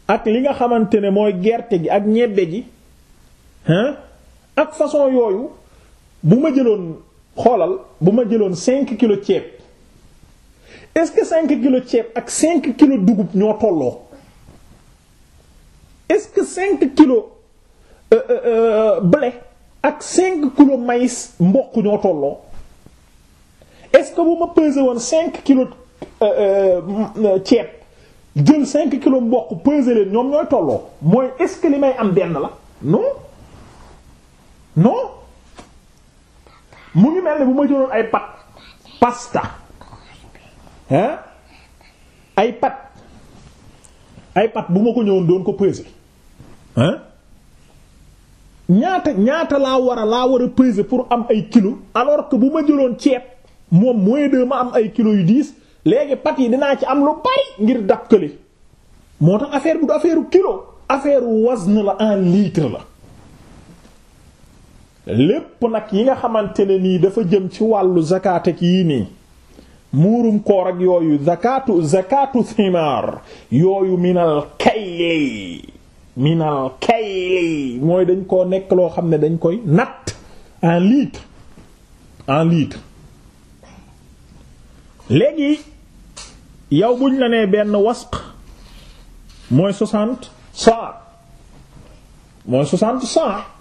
ak li nga xamante ne mooy gerte gi ak ñebbe ji ak façon yooyu bu ma jëloon xoolal bu ma jëloon 5 kilos ceeb est-ce que 5 kilos ceeb ak 5 kilos dugub ñoo tolloo est-ce que 5 kilos euh, euh, euh, blé ak 5 kilos maïs mboq ñoo tolloo est-ce que bu ma pesé woon 5 kilos euh, euh, ceeb jël 5 kilos mboq pesé leen ñoom ñooy tolloo mooy est-ce que li may am benn la non non. mu ngi mel ne bu ma jëloon ay pat pasta hein ay pat ay pat bu ma ko ñëwoon doon ko peser hein ñaata ñaata laa war a laa war a peser pour am ay kilo alors que bu ma jëloon ceeb moom mooy de ma am ay kilos yu diis léegi pat yi dinaa ci am lu bari ngir dab kële moo tax affaire bu du affaire kilo affaire wazn la en litre la lépp nag yi nga xamante ne nii dafa jëm ci wàllu zakat ak yii nii muurum koor ak yooyu zakatu zakatu thimar yooyu minal kayli minal kayli mooy dañ koo nekk loo xam ne dañ koy natt en litre en litre léegi yow buñ la nee benn wasq mooy soixante sa mooy soixante sa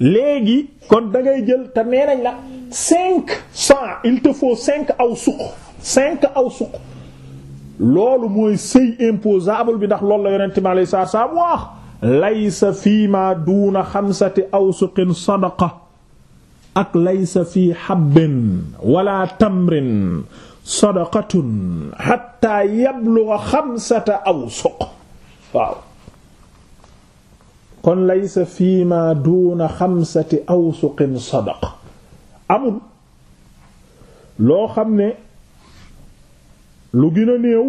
léegi kon da jël te nee nañ la cinq cent il te cinq aw suq aw suq loolu mooy sëy imposable bi ndax loolu la yonente mi alei saatu salaam wax laysa fii ma duuna xamsati aw suqin sadaqa ak laysa fii habbin wala tamrin sadaqatun hatta yabluga xamsata aw suq kon laysa fii ma duuna xamsati awsuqin sadaq amul loo xam ne lu gën néew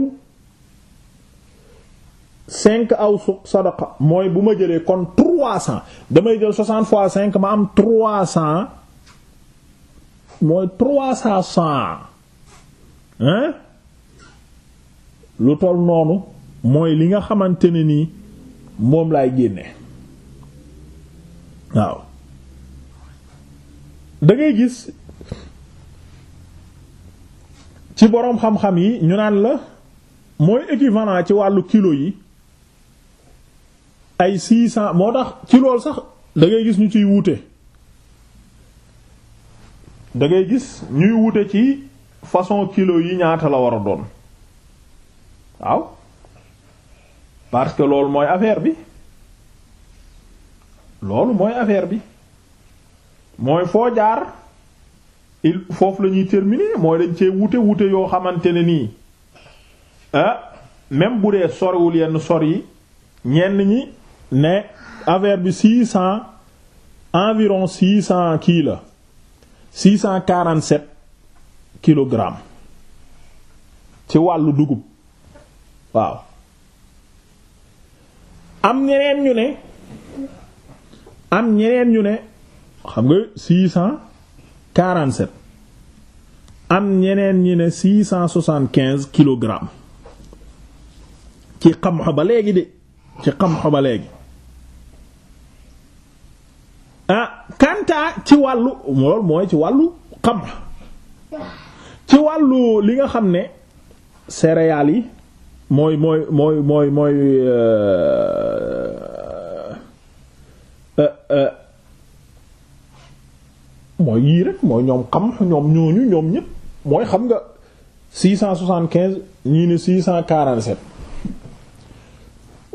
cinq awsuq sadaqa mooy bu ma jëlee kon trois damay jël soixante fois cinq ma am trois cents mooy trois cents toll noonu mooy li nga xamante ne nii moom laay génne waaw da ngay gis ci boroom xam-xam yi ñu naan la mooy équivalent ci wàllu kilo yi ay six cent moo tax ci lool sax dangay gis ñu ciy wuute da ngay gis ñuy wuute ci façon kilo yi ñaata la war a doon waaw parce que loolu mooy affaire bi loolu mooy affaire bi mooy foo il foofu la ñuy terminer mooy dañ cee wute wute yoo xamante ne nii ah même bu dee soriwul yenn sor yi ñenn ñi ne affaire bi six cent environ six cent kii la six ci wàllu dugub waaw am ñeneen ne am ñeneen ñu ne xam nga 647 am ñeneen ñi ne 675 kilogrammes ci xamxo ba léegi de ci xamxo ba léegi ah kantaa ci wàllu loolu mooy ci wàllu xam ci wàllu li nga xam ne céréales yi mooy mooy mooy mooy mooy euh Euh, euh, mooy yii rek mooy ñoom xam ñoom ñooñu ñoom ñépp mooy xam nga 675 ñii ne 647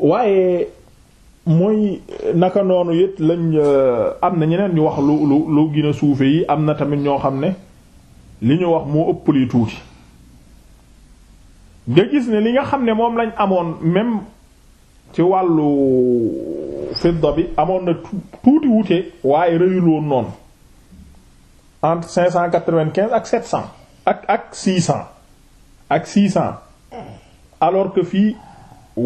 waaye mooy naka noonu it lañ euh, am na ñeneen ñu wax lu lu lu suufe yi am na tamit ñoo xam ne li ñu wax moo ëpp li tuuti nga gis ne li nga xam ne moom lañ amoon même ci wàllu fidda bi amoon na tuuti wuute waaye rëyul woon noonu entre cinq cent quatre vingt ak sept cent ak ak six cent ak six cent alors que fii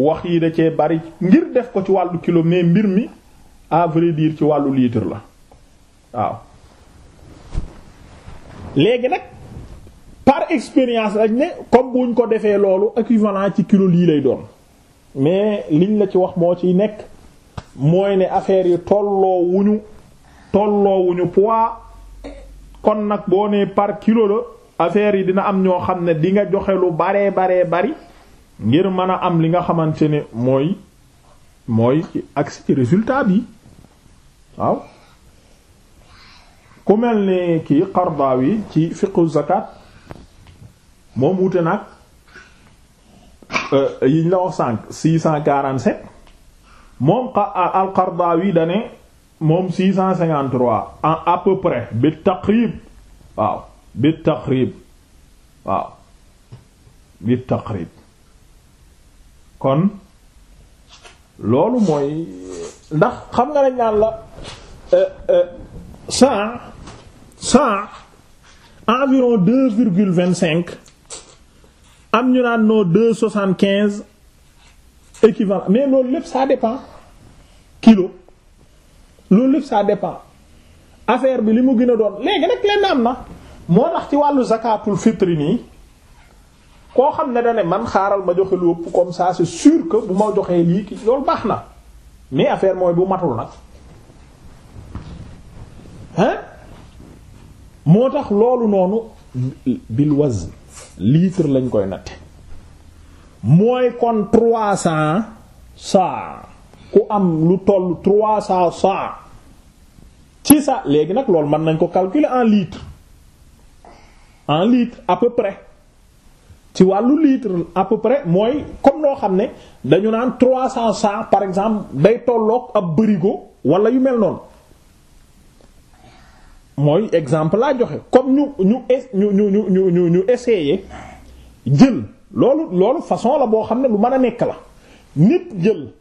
wax yi da cee bari ngir def ko ci wàllu kilo mais mbir mi à vrai dire ci wàllu litre la waaw léegi nag par expérience lañ ne comme buñ ko defee loolu équivalent ci kilo lii lay doon mais liñ la ci wax moo ciy nekk mooy ne affaire yi tolloo wuñu tolloo wuñu poids kon nag boo nee par kilo la affaire yi dina am ñoo xam ne dinga joxe lu baree baree bari ngir mën a am li nga xamante ne mooy mooy ak résultat bi waaw ku mel ni kii Qardawi ci fiqhu zakat moom wute nag euh, yiñ la wax sànq 647 moom al-Qardawi da ne moom 653 en à peu près bi taqrib waaw bi taqrib waaw bi taqrib kon loolu mooy ndax xam nga ne ñaan la euh, euh, cent cent environ deux virgule vingt cinq am ñu naan noo deux soixante quinze équivalent mais loolu lépp ça dépend kilo loolu lépp ça dépend affaire bi li mu gën a doon léegi nag lenn am na moo tax ci wàllu zakatul fitri nii koo xam ne dana ne man xaaral ma joxe lu ëpp comme ça c'est sûr que bu ma joxee lii ki loolu baax na mais affaire mooy bu matul nag hein moo tax loolu noonu bil wazn litre lañ koy natte mooy kon trois cents saa ku am lu toll trois cent cent ci sa léegi nag loolu mën nañ ko calculer en litre en litre à peu ci wàllu litre à peu mooy comme noo xam ne dañu naan trois cent cent par exemple day tolloog ab bërigo wala yu mel noonu mooy exemple laa joxe comme ñu ñu ñu ñu ñu ñu ñu ñu essayer jël loolu loolu façon la boo xam ne lu mën a nekk la nit jël.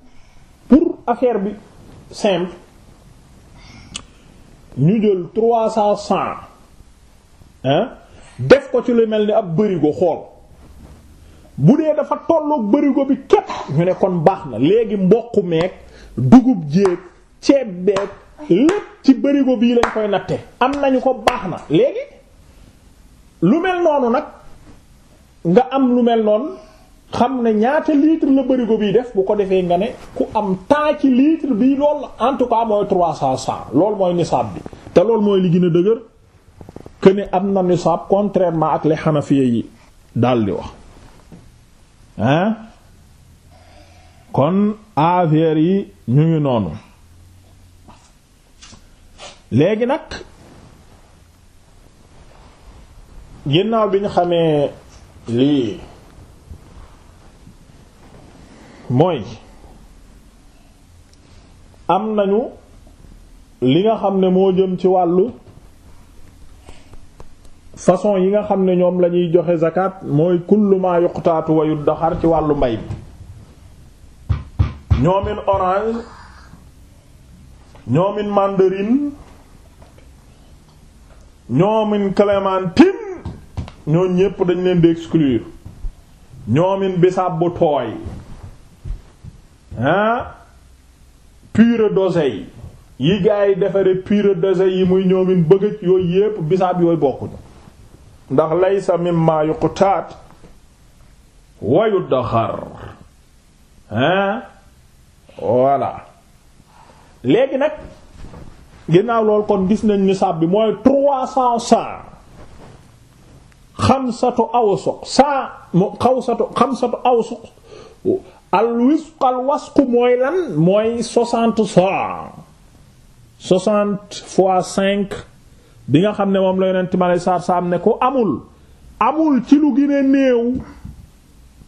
pour affaire bi simple ñu jël trois cent cent hein def ko ci lu mel ni ab bërigo xool bu dee dafa tolloog bërigo bi képp ñu ne kon baax na léegi mboq meeg dugub jéeg ceeb beeg ci bërigo bii lañ koy natte am nañu ko baax na léegi lu mel noonu nag nga am lu mel noon xam ne ñaata litre la bërigo bii def bu ko defee nga ne ku am temps ci litre bii lool en tout cas mooy trois cent cent loolu mooy nisaab bi te loolu mooy li gën a dëgër que am na nisaab contrairement ak li xanafiya yi daal di wax hein kon affaire yi ñu ngi noonu léegi nag ginnaaw bi ñu xamee lii mooy am nañu li nga xam ne moo jëm ci wàllu façon yi nga xam ne ñoom lañuy joxe zakat mooy kullu ma yuqtaatu wa ci wàllu mbay mi ñoomin orange ñoomin mandarine ñoomin clémentine ñoo ñépp dañ leen di ñoomin bisaab bu tooy ah pure d'oseille yi gars yi defare pure d'oseille yi muy ñoomin bëgg yooyu yépp bisaab yooyu bokkuñu ndax laysa mimma yuqtaat wayu daxar hein voilà léegi nag ginnaaw lool kon gis nañ nisaab bi mooy trois cents sa xamsatu awsuq sa xawsatu xamsatu awsuq al wisq mooy lan mooy soixante sa soixante fois cinq bi nga xam ne moom la yonent ma lay saar saam ne ko amul amul ci lu gën a néew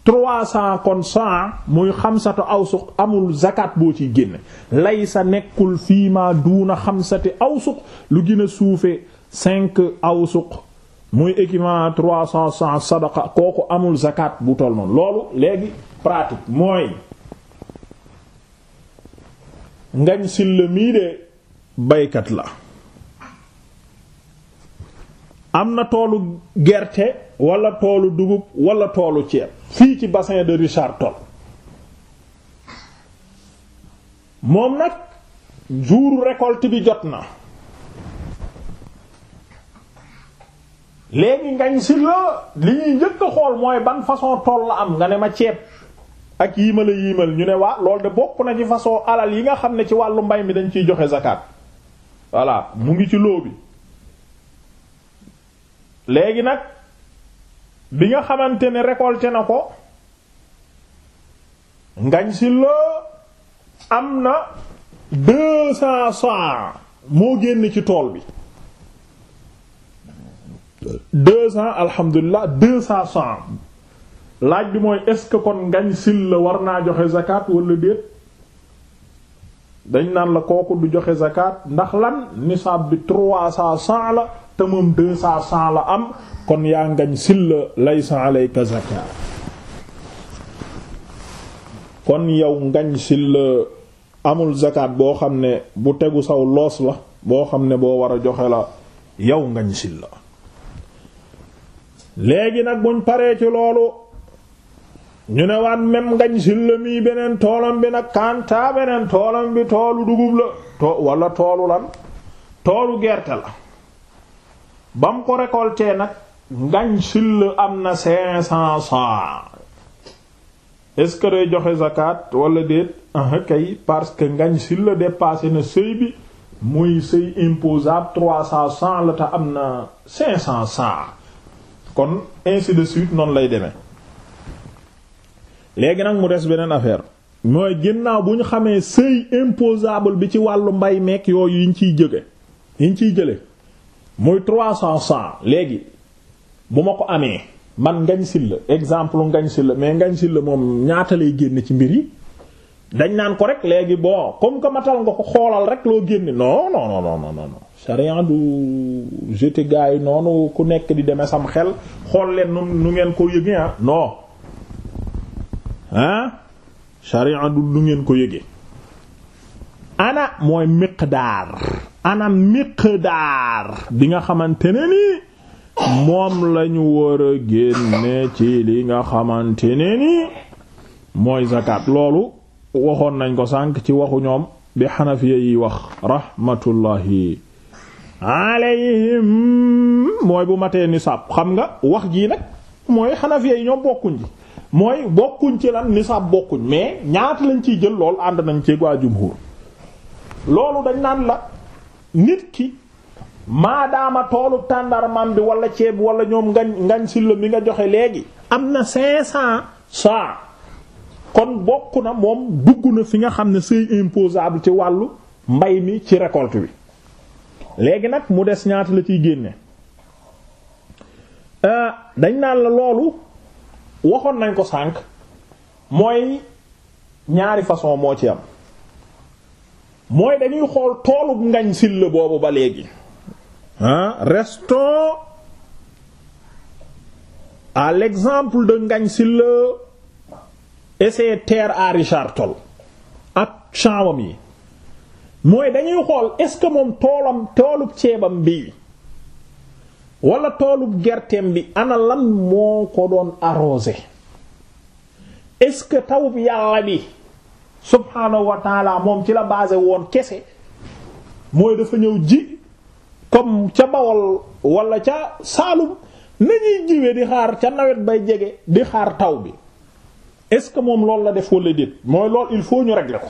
trois cent kon cent muy xamsatu awsuq amul zakat boo ci génne lay sa nekkul fii ma duuna xamsati awsuq lu gën a suufe cinq awsuq muy équivalent trois cent cent sadaqa kooku amul zakat bu toll noonu loolu léegi pratique mooy ngañ silla mii de baykat la am na toolu gerte walla toolu dugub wala toolu ceeb fii ci bassin de Richard Toll moom nag jour récolte bi jot na léegi ngañ si la li ñuy njëkk a xool mooy ban façon tool la am nga ne ma ceeb ak yiimal a yiimal ñu ne waa lool de bokk na ci façon alal yi nga xam ne ci wàllu mbay mi dañ ciy joxe zakat voilà mu ngi ci loo bi léegi nag bi nga xamante ne récolté na ko ngañ si loo am na deux cents sa moo génn ci tool bi deux cents alhamdulilah deux cents sa laaj bi mooy est-ce que kon ngañ sil la war naa joxe zakat walla déet dañ naan la kooku du joxe zakat ndax lan nisaab bi trois cent cent la te moom deux cent cent la am kon yaa ngañ silla lay laysa alayka zakat kon yow ngañ silla amul zakat boo xam ne bu tegu saw loos la boo xam ne boo war a joxe la yow ngañ sil léegi nag buñ paree ci loolu ñu ne waan même ngañ silla mii beneen toolam bi nag kanta beneen toolam bi toolu dugub la walla toolu lan toolu gerte la ba mu ko récolté nag ngañ silla am na cinq cent est-ce que joxe zakat wala déet ah kay parce que ngañ silla dépassé na seuil bi muy seuil imposable trois cent cent la te am na cinq cent cent kon ainsi de suite noonu lay demee léegi nag mu des beneen affaire mooy génnaaw bu ñu xamee seuil imposable bi ci wàllu mbay meek yooyu yiñ ciy jëge yiñ ciy jële muy trois cent cent léegi bu ma ko amee man ngañ silla exemple ngañ silla mais ngañ silla moom ñaata lay génn ci mbir yi dañ naan ko rek léegi boo comme que matal nga ko xoolal rek loo génne non noonu non non non du jeté gars yi noonu ku nekk di demee sam xel xool leen nu nu ngeen ko yëgee ah ah sharia du lu ngeen ko yëgee ana mooy miqdaar ana miqdaar bi nga xamante ne ni moom lañu war a génne ci li nga xamante ne ni mooy zakat loolu waxoon nañ ko sànq ci waxu ñoom bi xanafiya yi wax rahmatullahi alayhim mooy bu matee nisaab xam nga wax jii nag mooy xanafiya yi ñoom bokkuñ ji mooy bokkuñ ci lan nisaab bokkuñ mais ñaata lañ ciy jël lool ànd nañ ci waa jumhur loolu dañ naan la nit ki maadaama toolu tàndarmam bi wala ceeb wala ñoom ngañ ngañ si la mi nga joxe léegi am na cinq cent saa kon bokk na moom dugg na fi nga xam ne c'est imposable ci wàllu mbay mi ci récolte bi léegi nag mu des ñaata la ciy génne euh, dañ naan la loolu waxoon nañ ko sànq mooy ñaari façon moo ci am mooy dañuy xool toolub ngañ silla boobu ba léegi ah restons à l'exemple de ngañ silla et ses terres à Richard Toll ak chamam yi mooy dañuy xool est-ce que moom toolam toolub ceebam bii wala toolub gerteem bi ana lan moo ko doon arrosé est-ce que tawub yàlla bi subhaanahu wa taala moom ci la basé woon kese mooy dafa ñëw ji comme ca Bawol wala ca Saalum nañuy jiwee di xaar ca nawet bay jege di xaar taw bi est-ce que moom loolu la def wala déet mooy lool il faut ñu régler ko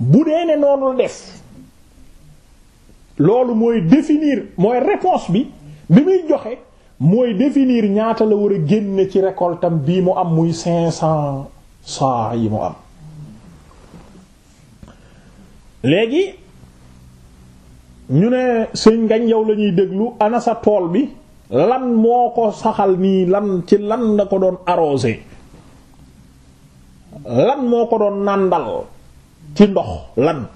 bu dee ne noonu def loolu mooy définir mooy réponse bi bi muy joxe mooy définir ñaata la war a génne ci récolte bii mu am muy cinq cent saa yi mu am léegi ñu ne sëñ ngañ yow la ñuy déglu ana sa tool bi lan moo ko saxal nii lan ci lan la ko doon arrosé lan moo ko doon nàndal ci ndox lan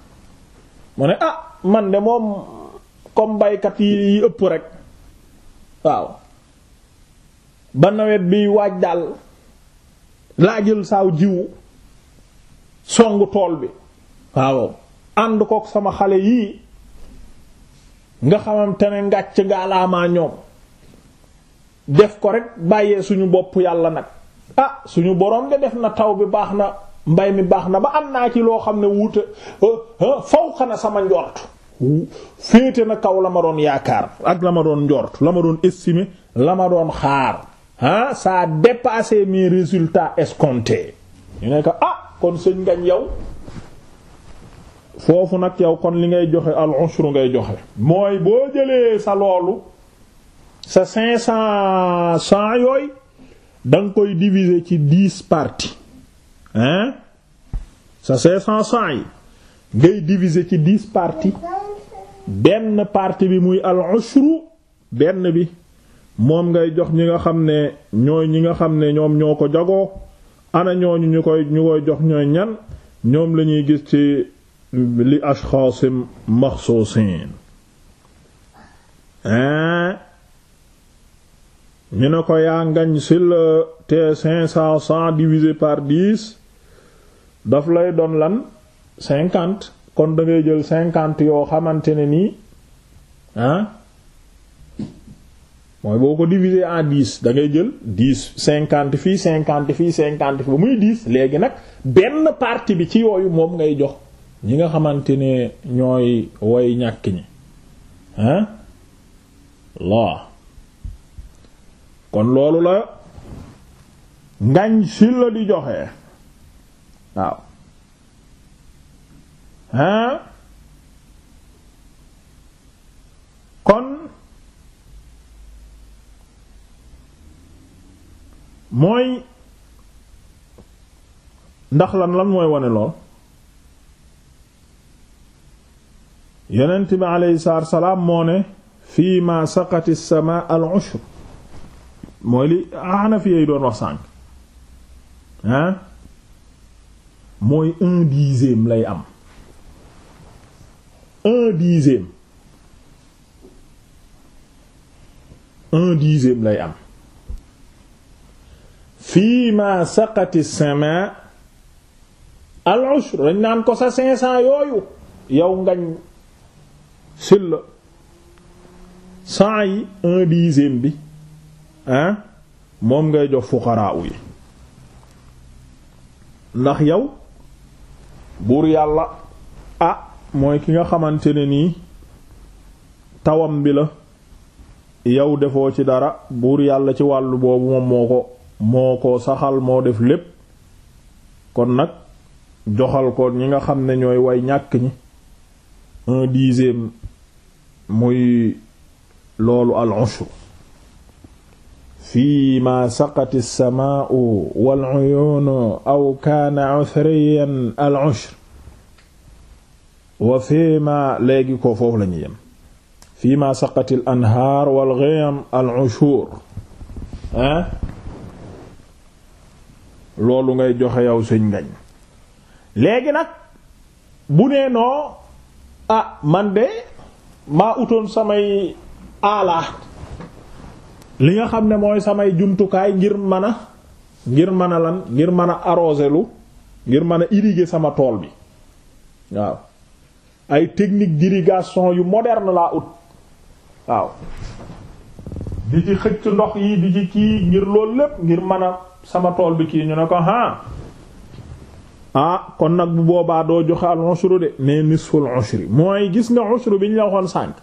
mu ne ah man de moom comme baykat yi ëpp rek waaw ba nawet bi waaj daal laa jël saaw jiwu song tool bi waaw ànd kook sama xale yii nga xamante ne ngàcc ngaalaamaa ñoom def ko rek bàyyee suñu bopp yàlla nag ah suñu boroom de def na taw bi baax na mbay mi baax na ba am naa ci loo xam ne wuute euh, euh, fawxa na sama njort féete na kaw la ma doon yaakaar ak la ma doon njort la ma doon estimer la ma doon xaar ah ça a dépassé mes résultats escomptés ñu ne ah kon sëñ ngañ yow foofu nag yow kon li ngay joxe al ushru ngay joxe mooy boo jëlee sa loolu sa cinq cent cent yooyu da nga koy diviser ci dix parti hein sa cinq cent cent yi ngay diviser ci dix parties benn partie bi muy al ushru benn bi moom ngay jox ñi nga xam ne ñooy ñi nga xam ne ñoom ñoo ko jagoo ana ñooñu ñu koy ñu koy jox ñooy ñan ñoom lañuy gis ci li ashxaasim maxsuusin hein ñu ne ko yaa ngañ si te cinq cent cent divisé par dix daf lay doon lan cinquante kon da ngay jël cinquante yoo xamante ne nii ah mooy boo ko diviser en dix da ngay jël dix cinquante fii cinquante fii cinquante fii ba muy dix léegi nag benn partie bi ci yooyu moom ngay jox ñi nga xamante ne ñooy woy ñàkk ñi ah la kon loolu la ngañ si la di joxe waaw hein kon mooy ndax lan lan mooy wane lool yonent bi aleyhi salaam moo ne fii ma saqati as-samaa al mooy li Hanafi yi doon wax sànq hein mooy un dixième lay am un dixième un dixième lay am fii ma saqati sama al ushr dañ naan ko sa cinq cents yooyu yow ngañ silla cent yi un dixième bi ah moom ngay jox fuqaraa yi ndax yow buur yàlla ah mooy ki nga xamante ne nii tawam bi la yow defoo ci dara buur yàlla ci wàllu boobu moom moo ko moo ko saxal moo def lépp kon nag joxal ko ñi nga xam ne ñooy way ñàkk ñi un muy loolu al ushru fii ma saqati as-samaa'u wal uyuunu aw kaana uthriyan al ushru wa fiima léegi ko foofu lañuy yem fiima saqatil anhaar wal ghayam al ushur hein loolu ngay joxe yow sëñ ngañ léegi nag bu nee noo ah man de maa utoon samay aala li nga xam ne mooy samay jumtukaay ngir mën a ngir mën a lan ngir mën a arroser lu ngir mën a irriguer sama tool bi waaw ay technique d'irrigation yu moderne laa ut waaw di ci xëcc ndox yi di ci kii ngir loolu lépp ngir mën a sama tool bi kii ñu ne ko ah kon nag bu boobaa doo joxe gis nga ushru bi ñu la waxoon sànq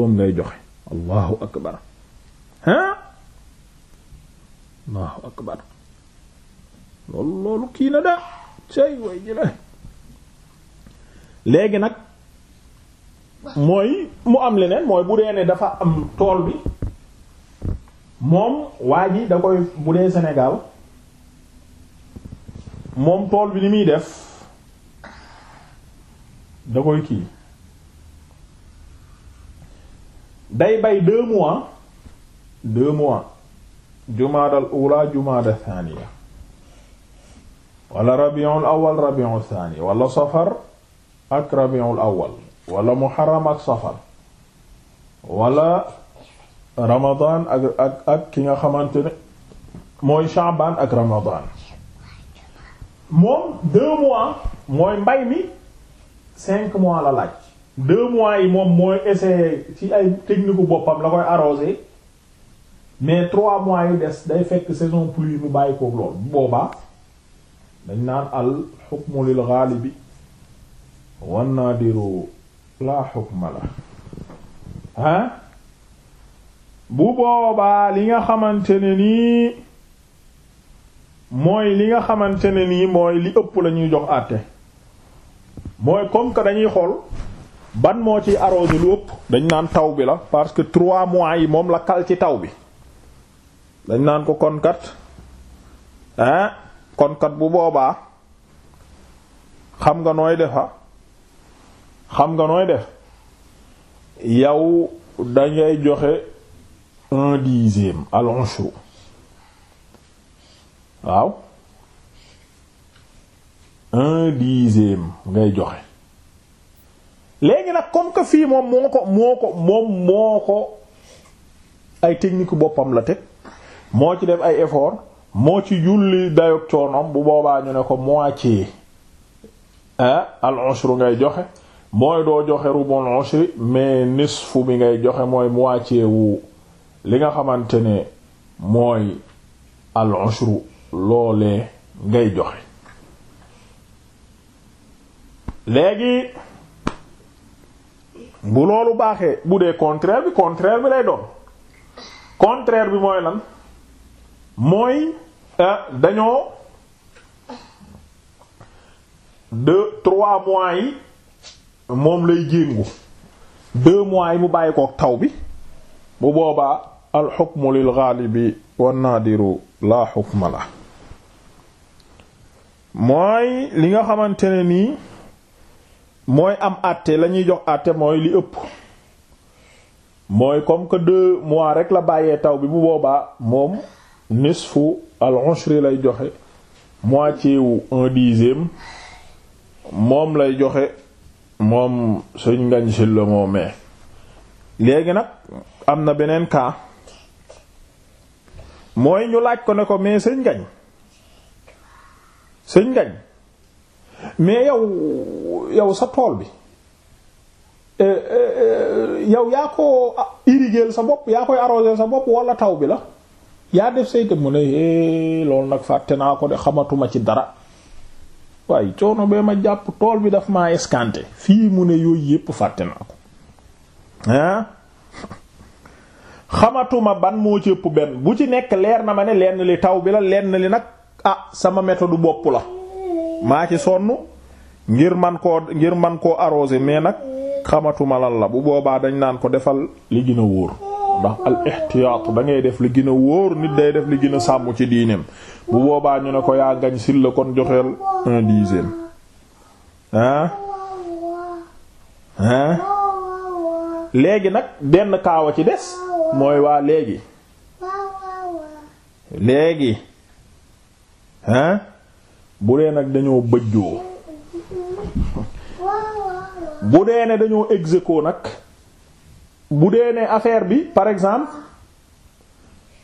un allahu akbar ah allahu akbar loolu loolu kii na da cey way ji la léegi nag mooy mu am leneen mooy bu dee ne dafa am tool bi moom waa ji da koy bu dee Sénégal moom tool bi ni muy def da koy kii day bay deux mois deux mois jumaadal ula jumaada thaniya wala rabiul awal rabiul thani wala safar ak rabiul awal wala muharram ak safar wala ramadan ak ak ak ki nga xamante ne mooy shaaban ak ramadan moom deux mois mooy mbay mi cinq mois la laaj deux mois yi moom mooy essayer ci ay technique boppam la koy arroser mais trois mois yi des day fekk saison pluie mu bàyyi koog lool bu boobaa dañ naan al hukmu lil ghalibi wannaadiru laa xukma la ah bu boobaa li nga xamante ne nii mooy li nga xamante ne nii mooy li ëpp lañuy jox àtte mooy comme dañuy xool ban moo ci arrosé lu ëpp dañ naan taw bi la parce que trois mois yi moom la kal ci taw bi dañ naan ko konkat ah konkat bu boobaa xam nga nooy defa xam nga nooy def yow dangay joxe un dixième al-ushru waaw un dixième ngay joxe léegi nag comme que fii moom moo ko moom moo ko ay technique boppam la teg moo ci def ay effort moo ci julli dayog coonoom bu boobaa ñu ne ko moitié ah al-ushru ngay joxe mooy doo joxe rubul ushri mais nisfu bi ngay joxe mooy moitié wu li nga xamante ne mooy al ushru loole ngay joxe léegi bu loolu baaxee bu dee contraire bi contraire bi lay doon contraire bi mooy lan mooy euh, dañoo deux trois mois yi moom lay jéngu deux mois yi mu bàyyi kook taw bi bu boobaa al xukmu lil gaalibi wa naadiru laa xukma la mooy li nga xamante ne nii mooy am àtte la ñuy jox àtte mooy li ëpp mooy comme que deux mois rek la bàyyee taw bi bu boobaa moom nisfu al ushri lay joxe moitié wu un dixième moom lay joxe moom sëñ ngañ si la moomee léegi nag am na beneen cas mooy ñu laaj ko ne ko mais sëñ ngañ sëñ ngañ mais yow yow sa tool bi eh, eh, yow yaa ko irriguer sa bopp yaa koy arroser sa bopp wala taw bi la yaa def say mu ne eh, loolu nag fàtte naa ko de xamatuma ci dara waaye coono bee ma jàpp tool bi daf maa escanté fii mu ne yooyu yépp fàtte naa ko ah ban moo ci benn bu ci nekk leer na ma ne lenn li taw bi la lenn li nag ah sama méthode bopp la maa ci sonn ngir man koo ngir man koo arrosé mais nag xamatuma lan la bu boobaa dañ naan ko defal li gën a wóor ndax al ihtiyaat def li gina wóor nit day def li gina a sàmm ci diineem bu boobaa ñu ne ko yaa gañ sil la kon joxeel un dixième ah léegi nag benn kaawa ci des mooy waa léegi léegi hein bu dee nag dañoo bëjjoo bu dee ne dañoo ex nag bu dee ne affaire bi par exemple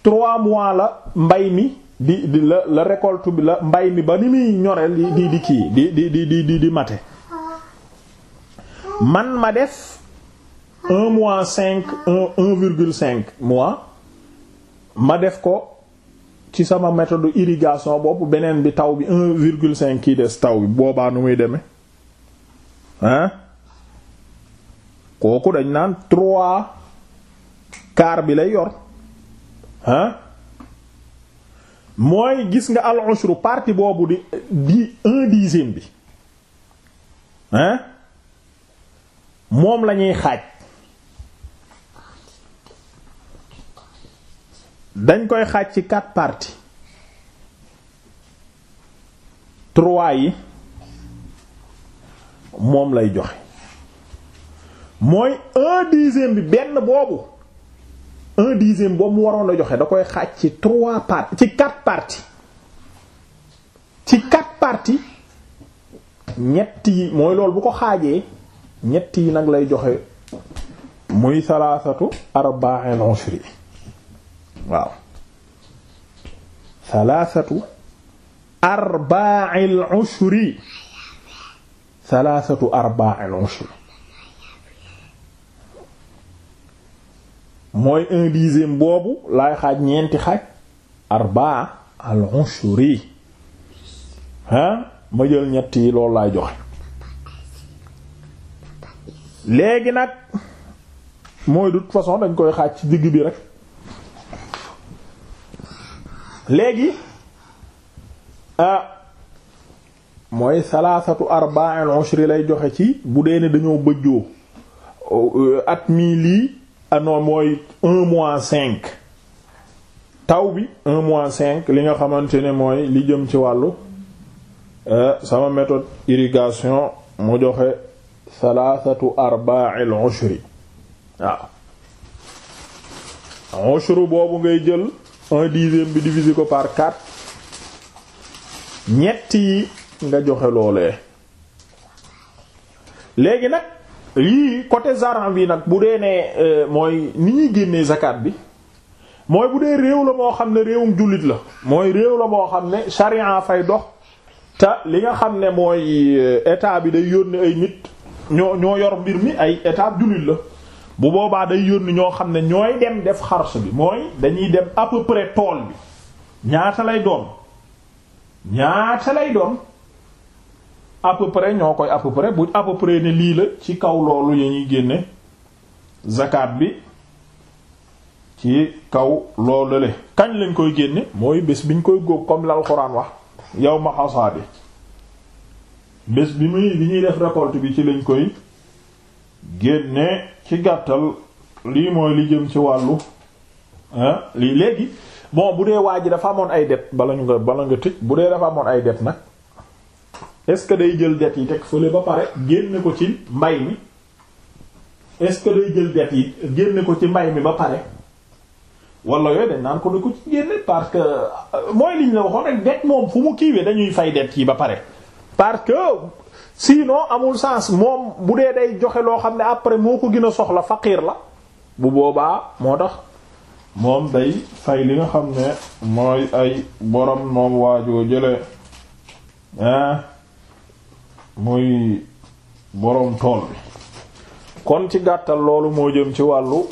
trois mois la mbay mi di di la la récolte bi la mbay mi ba ni muy ñoreel di di di kii di di di di di mate man ma def un mois cinq un un cinq mois ma def ko ci sama méthode irrigation bopp beneen bi taw bi un virgule cinq kii des taw bi boobaa nu muy demee hein kooku dañ naan trois quart bi lay yor hein mooy gis nga al ushru partie boobu di di un dixième bi hein moom lañuy xaaj dañ koy xaaj ci quatre parties trois yi moom lay joxe mooy un dixième bi benn boobu un dixième boobu mu waroon a joxe da koy xaaj ci trois parties ci quatre parties ci quatre ñett mooy loolu bu ko xaajee ñett yi nag lay joxe muy salaasatu arba'in ushri waaw salaasatu arba'il ushri ushri mooy un dixième boobu laay xaaj ñeenti xaaj arbaa al ushri ma jël ñett yi loolu laay joxe léegi nag mooy de toute façon dañ koy xaaj ci digg bi rek léegi ah mooy salaasatu arbaa al lay joxe ci bu dee ne dañoo bëjjoo oh, euh, at mii lii ano ah mooy mois cinq taw bi mois cinq li nga xamante ne mooy li jëm ci wàllu euh, sama métode irrigation mu joxe thalathatu arba'il ushri waaw ushru boobu ngay jël un dixième bi divisé ko par quatre ñetti yi nga joxe loolee léegi nag yii côté zaran bi nag bu dee ne euh, mooy ni ñuy génnee zakat bi mooy bu dee réew la moo xam ne réewum jullit la mooy réew la moo xam ne sharia fay dox te li nga xam ne mooy euh, état bi day yónni ay nit ñoo ñoo yor mbir mi ay état jullit la bu boobaa day yónni ñoo xam ne ñooy dem def xars bi mooy dañuy dem à peu près tool bi ñaata lay doon ñaata lay doon à peu ñoo koy à peu bu à peu près ne lii la ci kaw loolu ya ñuy génne zakat bi ci kaw loolu le kañ lañ koy génne mooy bés biñ koy góob comme l'alxuraan wax yow ma xasaadi bés bi muy bi ñuy def récolte bi ci lañ koy génne ci gàttal lii mooy li jëm ci wàllu lii léegi moo bu dee waa ji dafa amoon ay det bala ñu nga bala bu dee dafa amoon ay det na est-ce que day jël det yi teg fële ba pare génne ko ci mbay mi est-ce que day jël det yi génne ko ci mbay mi ba pare wala yooyu dañ naan ko da ko ci génne parce que euh, mooy liñ la waxoon rek det moom fu mu kiiwee dañuy fay det yi ba pare parce que sinon amul sens moom bu dee day joxe loo xam ne après moo ko gën a soxla fakiir la bu boobaa moo tax moom day fay li nga xam ne mooy ay borom moom waajoo jële Ah, muy boroom tool bi kon ci gàttal loolu moo jëm ci wàllu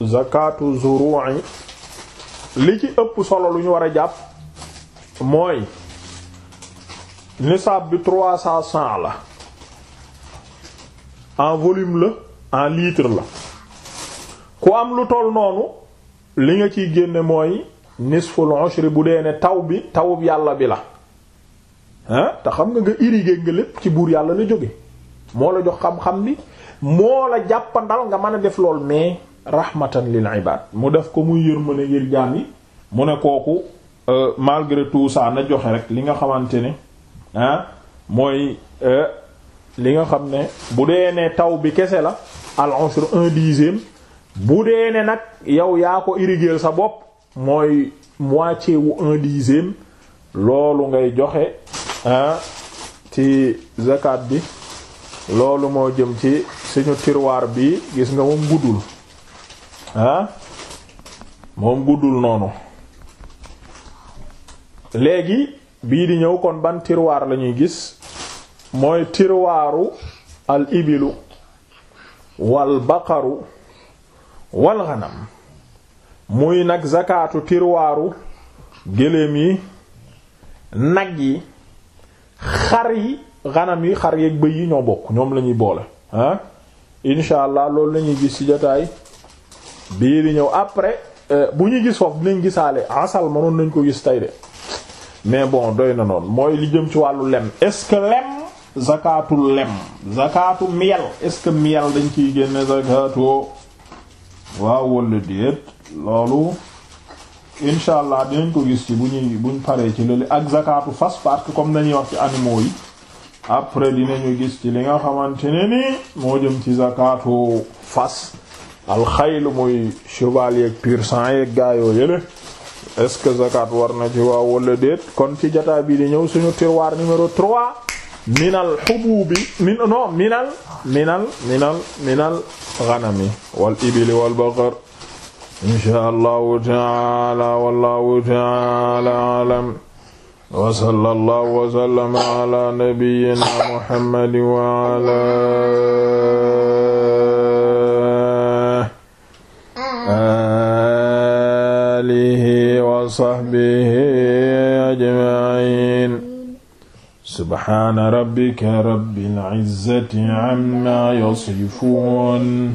zakatu zuru'i li ci ëpp solo lu ñu war a jàpp mooy nisaab bi trois cent cent la en volume la en litre la ku am lu toll noonu li nga ciy génne mooy nisful ushri bu dee ne taw bi tawub yàlla bi la ah te xam nga nga irrigué nga lépp ci buur yàlla la jóge moo la jox xam-xam bi moo la jàppandal nga mën a def lool mais rahmatan lil ibad mu def ko muy yërmande ngir jaam yi mu ne kooku euh, malgré tout ça na joxe rek li nga xamante ne ah mooy euh, li nga xam ne bu dee ne taw bi kese la al ushr un dixième bu dee ne nag yow yaa ko irriguer sa bopp mooy moitié wu un dixième loolu ngay joxe ci zakat bi loolu moo jëm ci suñu tiroir bi gis nga moom guddul moom guddul noonu léegi bii di ñëw kon ban tiroir la gis mooy tirwaaru al ibilu wal baqaru wal ghanam muy nag zakatu tiroiru gëléem yi nag yi xar yi xanam yi xar yeeg bëy yi ñoo bokk ñoom la ñuy boole ah incha allah loolu lañuy gis ci jataay bii di ñëw après euh, bu ñuy gis foofu dinañ gisaale asal mënoon nañ ko gis tey de mais bon doy na noonu mooy li jëm ci wàllu lem est-ce que lem zakatu lem zakatu miel est-ce que miel dañ ciy génne zakatu waaw wala déet loolu incha allah dinañ ko gis ci bu ñuy buñ paree ci loolu ak zakatu fas parce que comme nañuy wax ci animaux yi après dinañu gis ci li nga xamante ne ni moo jëm ci zakatu fas alxayl muy cheval yeeg pur sang yeeg gaayoo yële est-ce que zakat war na ci waaw wala déet kon ci jataa bi di ñëw suñu tiroir numéro 3 minal xubuubi min minal minal minal minal wal ibili wal baqar inshaa allahu taala wallahu taala alam wa sallallahu wa sallama ala nabiyyina muhammad wa ala alihi wa sahbihi ajma'in subhaana rabbika rabbil izzati amma yasifun